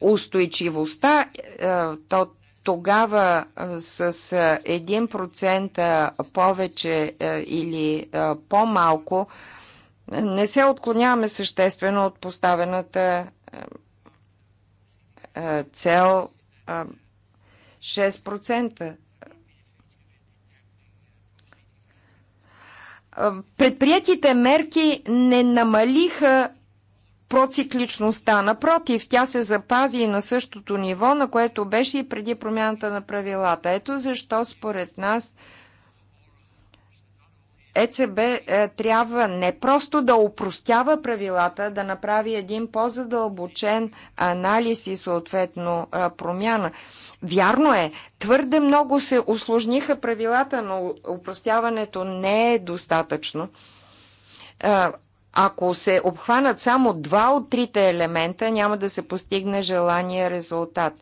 устойчивостта, а, е, то тогава е, с 1% е, повече или по-малко не се отклоняваме съществено от поставената цел 6%. Предприятите мерки не намалиха процикличността. Напротив, тя се запази на същото ниво, на което беше и преди промяната на правилата. Ето защо според нас ЕЦБ е, трябва не просто да упростява правилата, да направи един по-задълбочен анализ и съответно е, промяна. Вярно е, твърде много се осложниха правилата, но упростяването не е достатъчно. Ако се обхванат само два от трите елемента, няма да се постигне желания резултат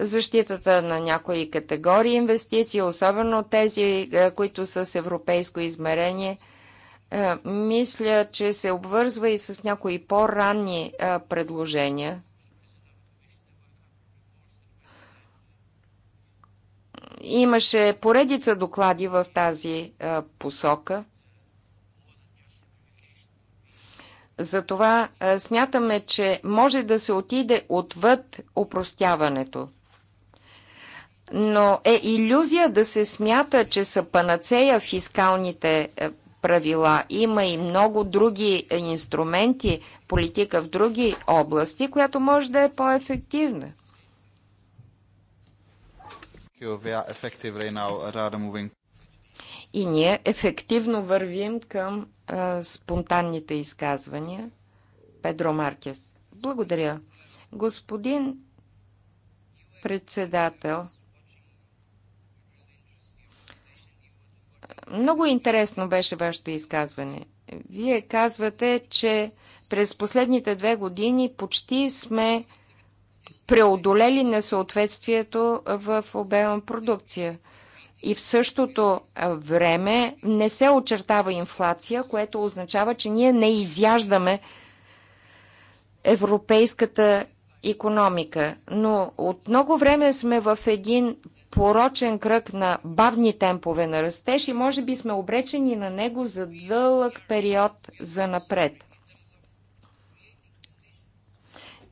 защитата на някои категории инвестиции, особено тези, които са с европейско измерение, мисля, че се обвързва и с някои по-ранни предложения. Имаше поредица доклади в тази посока. Затова смятаме, че може да се отиде отвъд опростяването. Но е иллюзия да се смята, че са панацея фискалните правила. Има и много други инструменти, политика в други области, която може да е по-ефективна. Uh, И ние ефективно вървим към а, спонтанните изказвания. Педро Маркес. Благодаря. Господин председател, много интересно беше вашето изказване. Вие казвате, че през последните две години почти сме преодолели несъответствието в обема продукция. И в същото време не се очертава инфлация, което означава, че ние не изяждаме европейската економика. Но от много време сме в един порочен кръг на бавни темпове на растеж и може би сме обречени на него за дълъг период за напред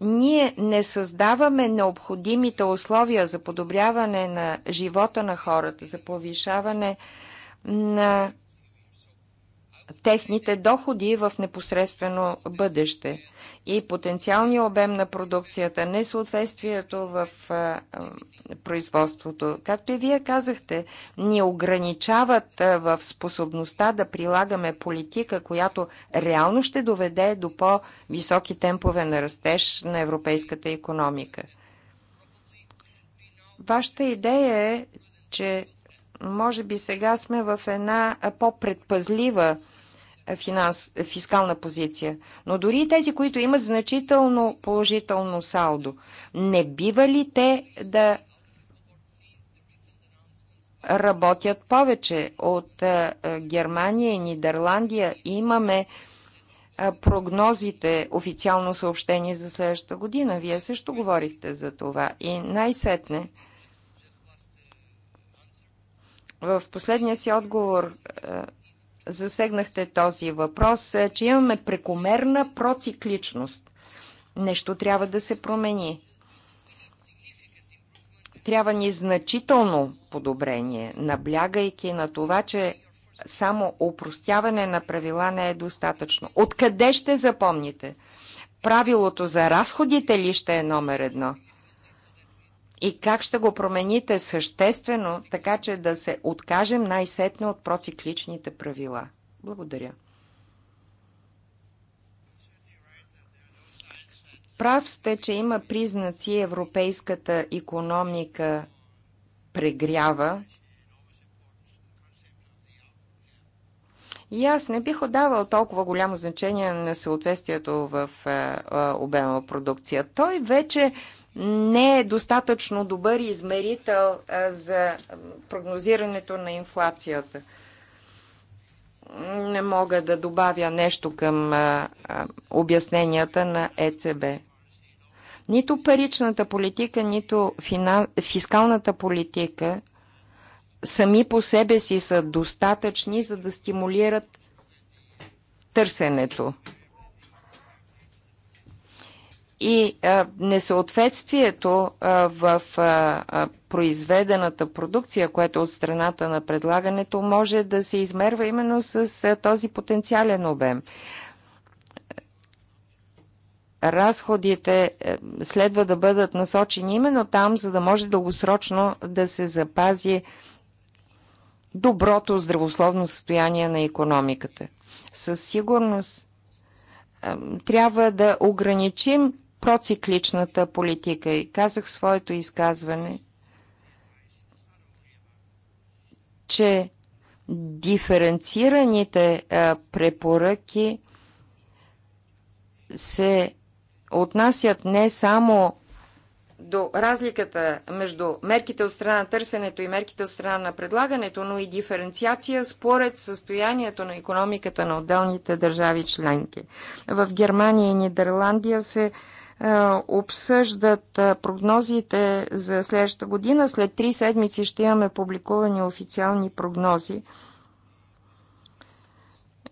ние не създаваме необходимите условия за подобряване на живота на хората, за повишаване на техните доходи в непосредствено бъдеще и потенциалния обем на продукцията, несъответствието в производството, както и вие казахте, ни ограничават в способността да прилагаме политика, която реално ще доведе до по-високи темпове на растеж на европейската економика. Вашата идея е, че може би сега сме в една по-предпазлива финанс, фискална позиция, но дори и тези, които имат значително положително салдо, не бива ли те да работят повече от Германия и Нидерландия? Имаме прогнозите, официално съобщение за следващата година. Вие също говорихте за това. И най-сетне, в последния си отговор засегнахте този въпрос, е, че имаме прекомерна процикличност. Нещо трябва да се промени. Трябва ни значително подобрение, наблягайки на това, че само упростяване на правила не е достатъчно. Откъде ще запомните? Правилото за разходите ли ще е номер едно? и как ще го промените съществено, така че да се откажем най-сетне от процикличните правила? Благодаря. Прав сте, че има признаци европейската економика прегрява. И аз не бих отдавал толкова голямо значение на съответствието в обема продукция. Той вече не е достатъчно добър измерител за прогнозирането на инфлацията. Не мога да добавя нещо към обясненията на ЕЦБ. Нито паричната политика, нито фискалната политика сами по себе си са достатъчни, за да стимулират търсенето и а, несъответствието а, в а, произведената продукция, което от страната на предлагането може да се измерва именно с този потенциален обем. Разходите е, следва да бъдат насочени именно там, за да може дългосрочно да се запази доброто здравословно състояние на економиката. Със сигурност трябва да ограничим процикличната политика и казах своето изказване, че диференцираните препоръки се отнасят не само до разликата между мерките от страна на търсенето и мерките от страна на предлагането, но и диференциация според състоянието на економиката на отделните държави членки. В Германия и Нидерландия се е, обсъждат е, прогнозите за следващата година. След три седмици ще имаме публикувани официални прогнози.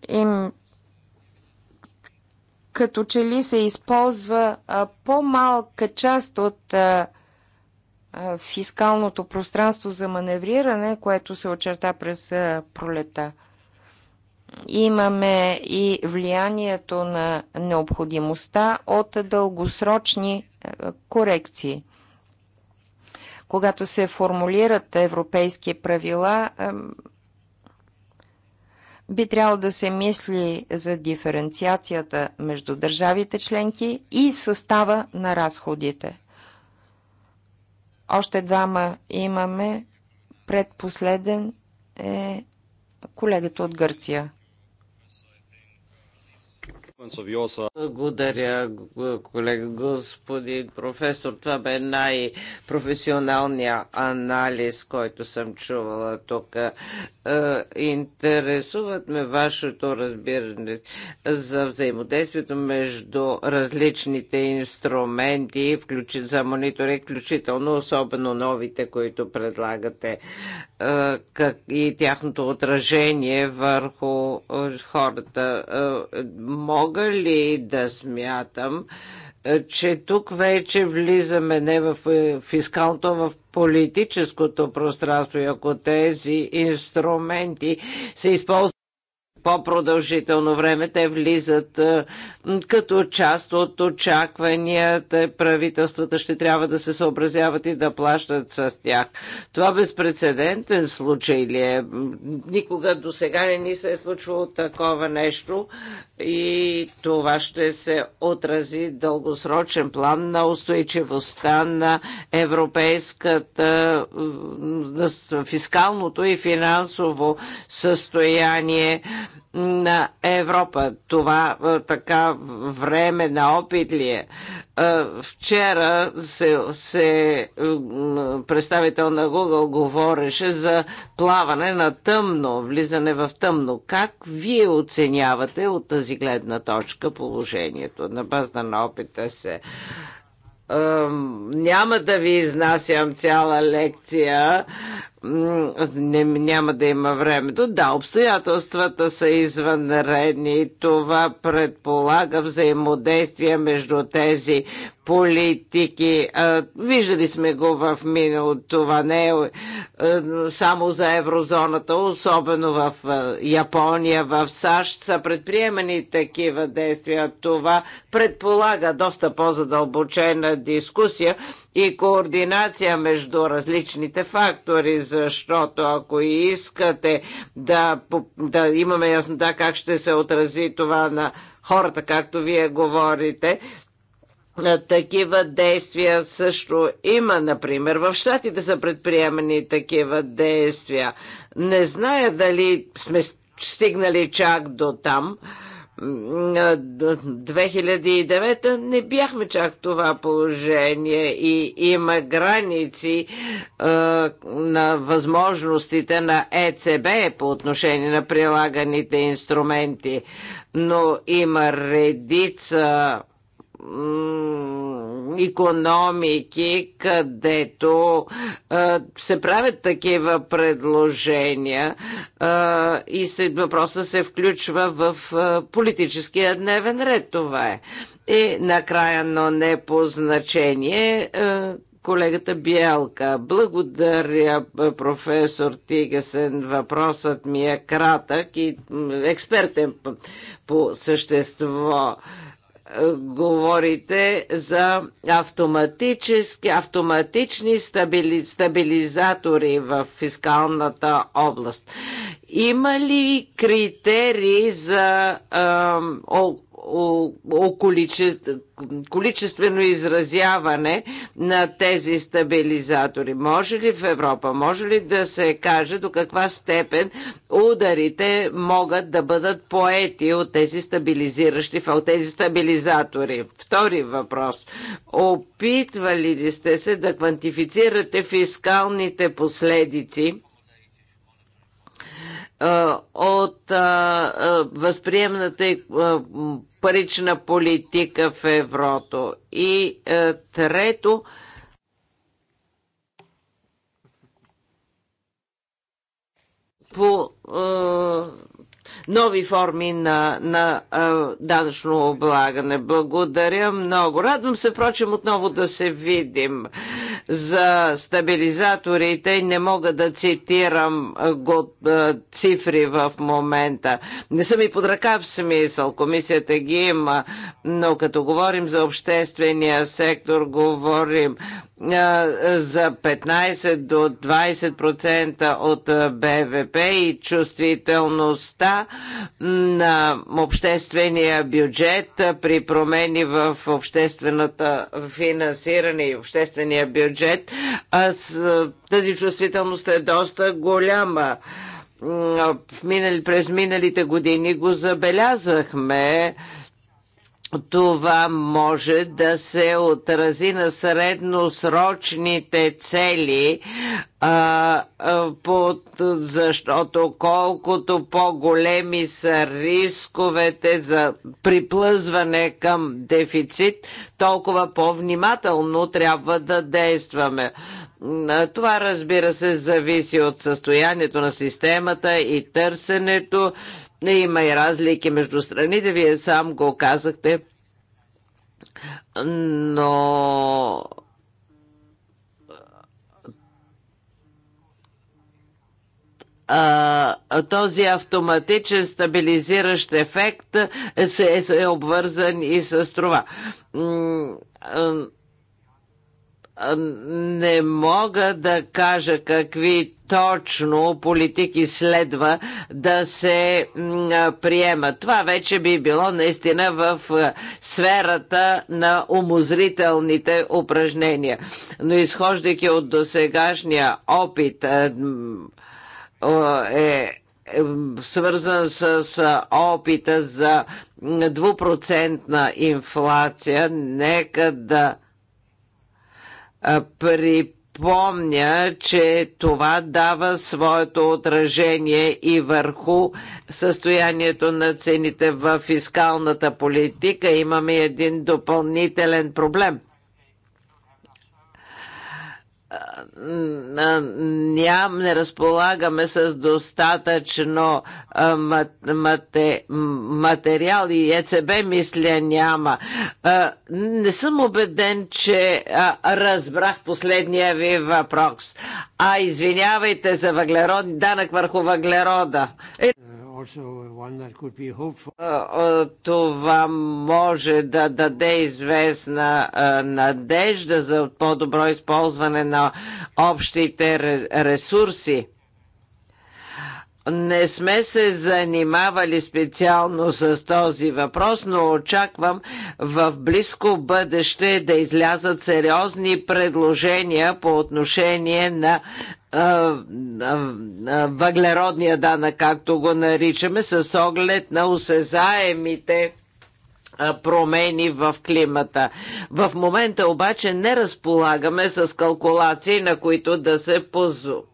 Им, като че ли се използва е, по-малка част от а, фискалното пространство за маневриране, което се очерта през пролета имаме и влиянието на необходимостта от дългосрочни е, корекции. Когато се формулират европейски правила, би трябвало да се мисли за диференциацията между държавите членки и състава на разходите. Още двама имаме. Предпоследен е колегата от Гърция. Благодаря, колега господин професор. Това бе най-професионалният анализ, който съм чувала тук. Е, интересуват ме вашето разбиране за взаимодействието между различните инструменти за мониторинг, включително особено новите, които предлагате е, и тяхното отражение върху е, хората. Мога мога ли да смятам, е, че тук вече влизаме не в е, фискалното, а в политическото пространство и ако тези инструменти се използват по-продължително време, те влизат е, като част от очакванията. Правителствата ще трябва да се съобразяват и да плащат с тях. Това безпредседентен случай ли е? Никога до сега не ни се е случвало такова нещо и това ще се отрази дългосрочен план на устойчивостта на европейската на фискалното и финансово състояние на Европа. Това е, така време на опит ли е? е вчера се, се е, представител на Google говореше за плаване на тъмно, влизане в тъмно. Как вие оценявате от тази гледна точка положението на база на опита се? няма да ви изнасям цяла лекция няма да има времето. Да, обстоятелствата са извънредни. Това предполага взаимодействие между тези политики. Виждали сме го в минало. Това не е само за еврозоната, особено в Япония, в САЩ са предприемани такива действия. Това предполага доста по-задълбочена дискусия и координация между различните фактори за защото ако искате да, да имаме яснота как ще се отрази това на хората, както вие говорите, е, такива действия също има, например. В Штатите са предприемани такива действия. Не зная дали сме стигнали чак до там, 2009 не бяхме чак това положение и има граници е, на възможностите на ЕЦБ по отношение на прилаганите инструменти, но има редица економики, където а, се правят такива предложения а, и се, въпроса се включва в а, политическия дневен ред. Това е. И накрая, но не по значение, а, колегата Биелка. Благодаря, професор Тигесен. Въпросът ми е кратък и експертен по същество говорите за автоматически, автоматични стабили, стабилизатори в фискалната област. Има ли критерии за а, о, о, о количе, количествено изразяване на тези стабилизатори. Може ли в Европа, може ли да се каже до каква степен ударите могат да бъдат поети от тези стабилизиращи, от тези стабилизатори? Втори въпрос. Опитвали ли сте се да квантифицирате фискалните последици от възприемната парична политика в еврото. И е, трето, по е, нови форми на, на а, данъчно облагане. Благодаря много. Радвам се, впрочем, отново да се видим. За стабилизаторите не мога да цитирам го, а, цифри в момента. Не съм и под ръка в смисъл. Комисията ги има, но като говорим за обществения сектор, говорим за 15 до 20% от БВП и чувствителността на обществения бюджет при промени в общественото финансиране и обществения бюджет, Аз, тази чувствителност е доста голяма. В минали, през миналите години го забелязахме това може да се отрази на средносрочните цели, а, а, под, защото колкото по-големи са рисковете за приплъзване към дефицит, толкова по-внимателно трябва да действаме. Това разбира се зависи от състоянието на системата и търсенето. Има и разлики между страните, вие сам го казахте, но а, този автоматичен стабилизиращ ефект се е, се е обвързан и с това не мога да кажа какви точно политики следва да се приемат. Това вече би било наистина в сферата на умозрителните упражнения. Но изхождайки от досегашния опит е, е свързан с опита за двупроцентна инфлация, нека да Припомня, че това дава своето отражение и върху състоянието на цените в фискалната политика. Имаме един допълнителен проблем – ням, не разполагаме с достатъчно мате, материал и ЕЦБ мисля няма. Не съм убеден, че разбрах последния ви въпрос. А извинявайте за въглерод, данък върху въглерода. Е, това може да даде известна надежда за по-добро използване на общите ресурси. Не сме се занимавали специално с този въпрос, но очаквам в близко бъдеще да излязат сериозни предложения по отношение на въглеродния данък, както го наричаме, с оглед на осезаемите промени в климата. В момента обаче не разполагаме с калкулации, на които да се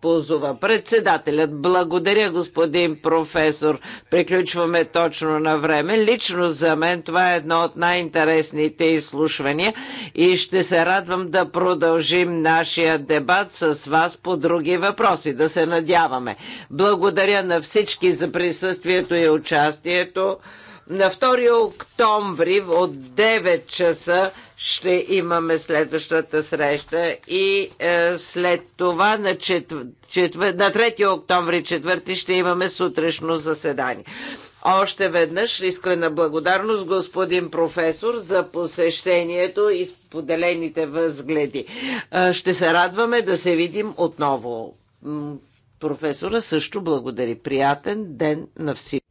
позова. Председателят, благодаря господин професор. Приключваме точно на време. Лично за мен това е едно от най-интересните изслушвания и ще се радвам да продължим нашия дебат с вас по други въпроси. Да се надяваме. Благодаря на всички за присъствието и участието. На 2 октомври от 9 часа ще имаме следващата среща и е, след това на, четвър... Четвър... на 3 октомври 4, ще имаме сутрешно заседание. Още веднъж искрена благодарност господин професор за посещението и споделените възгледи. Е, ще се радваме да се видим отново. Професора също благодари. Приятен ден на всички.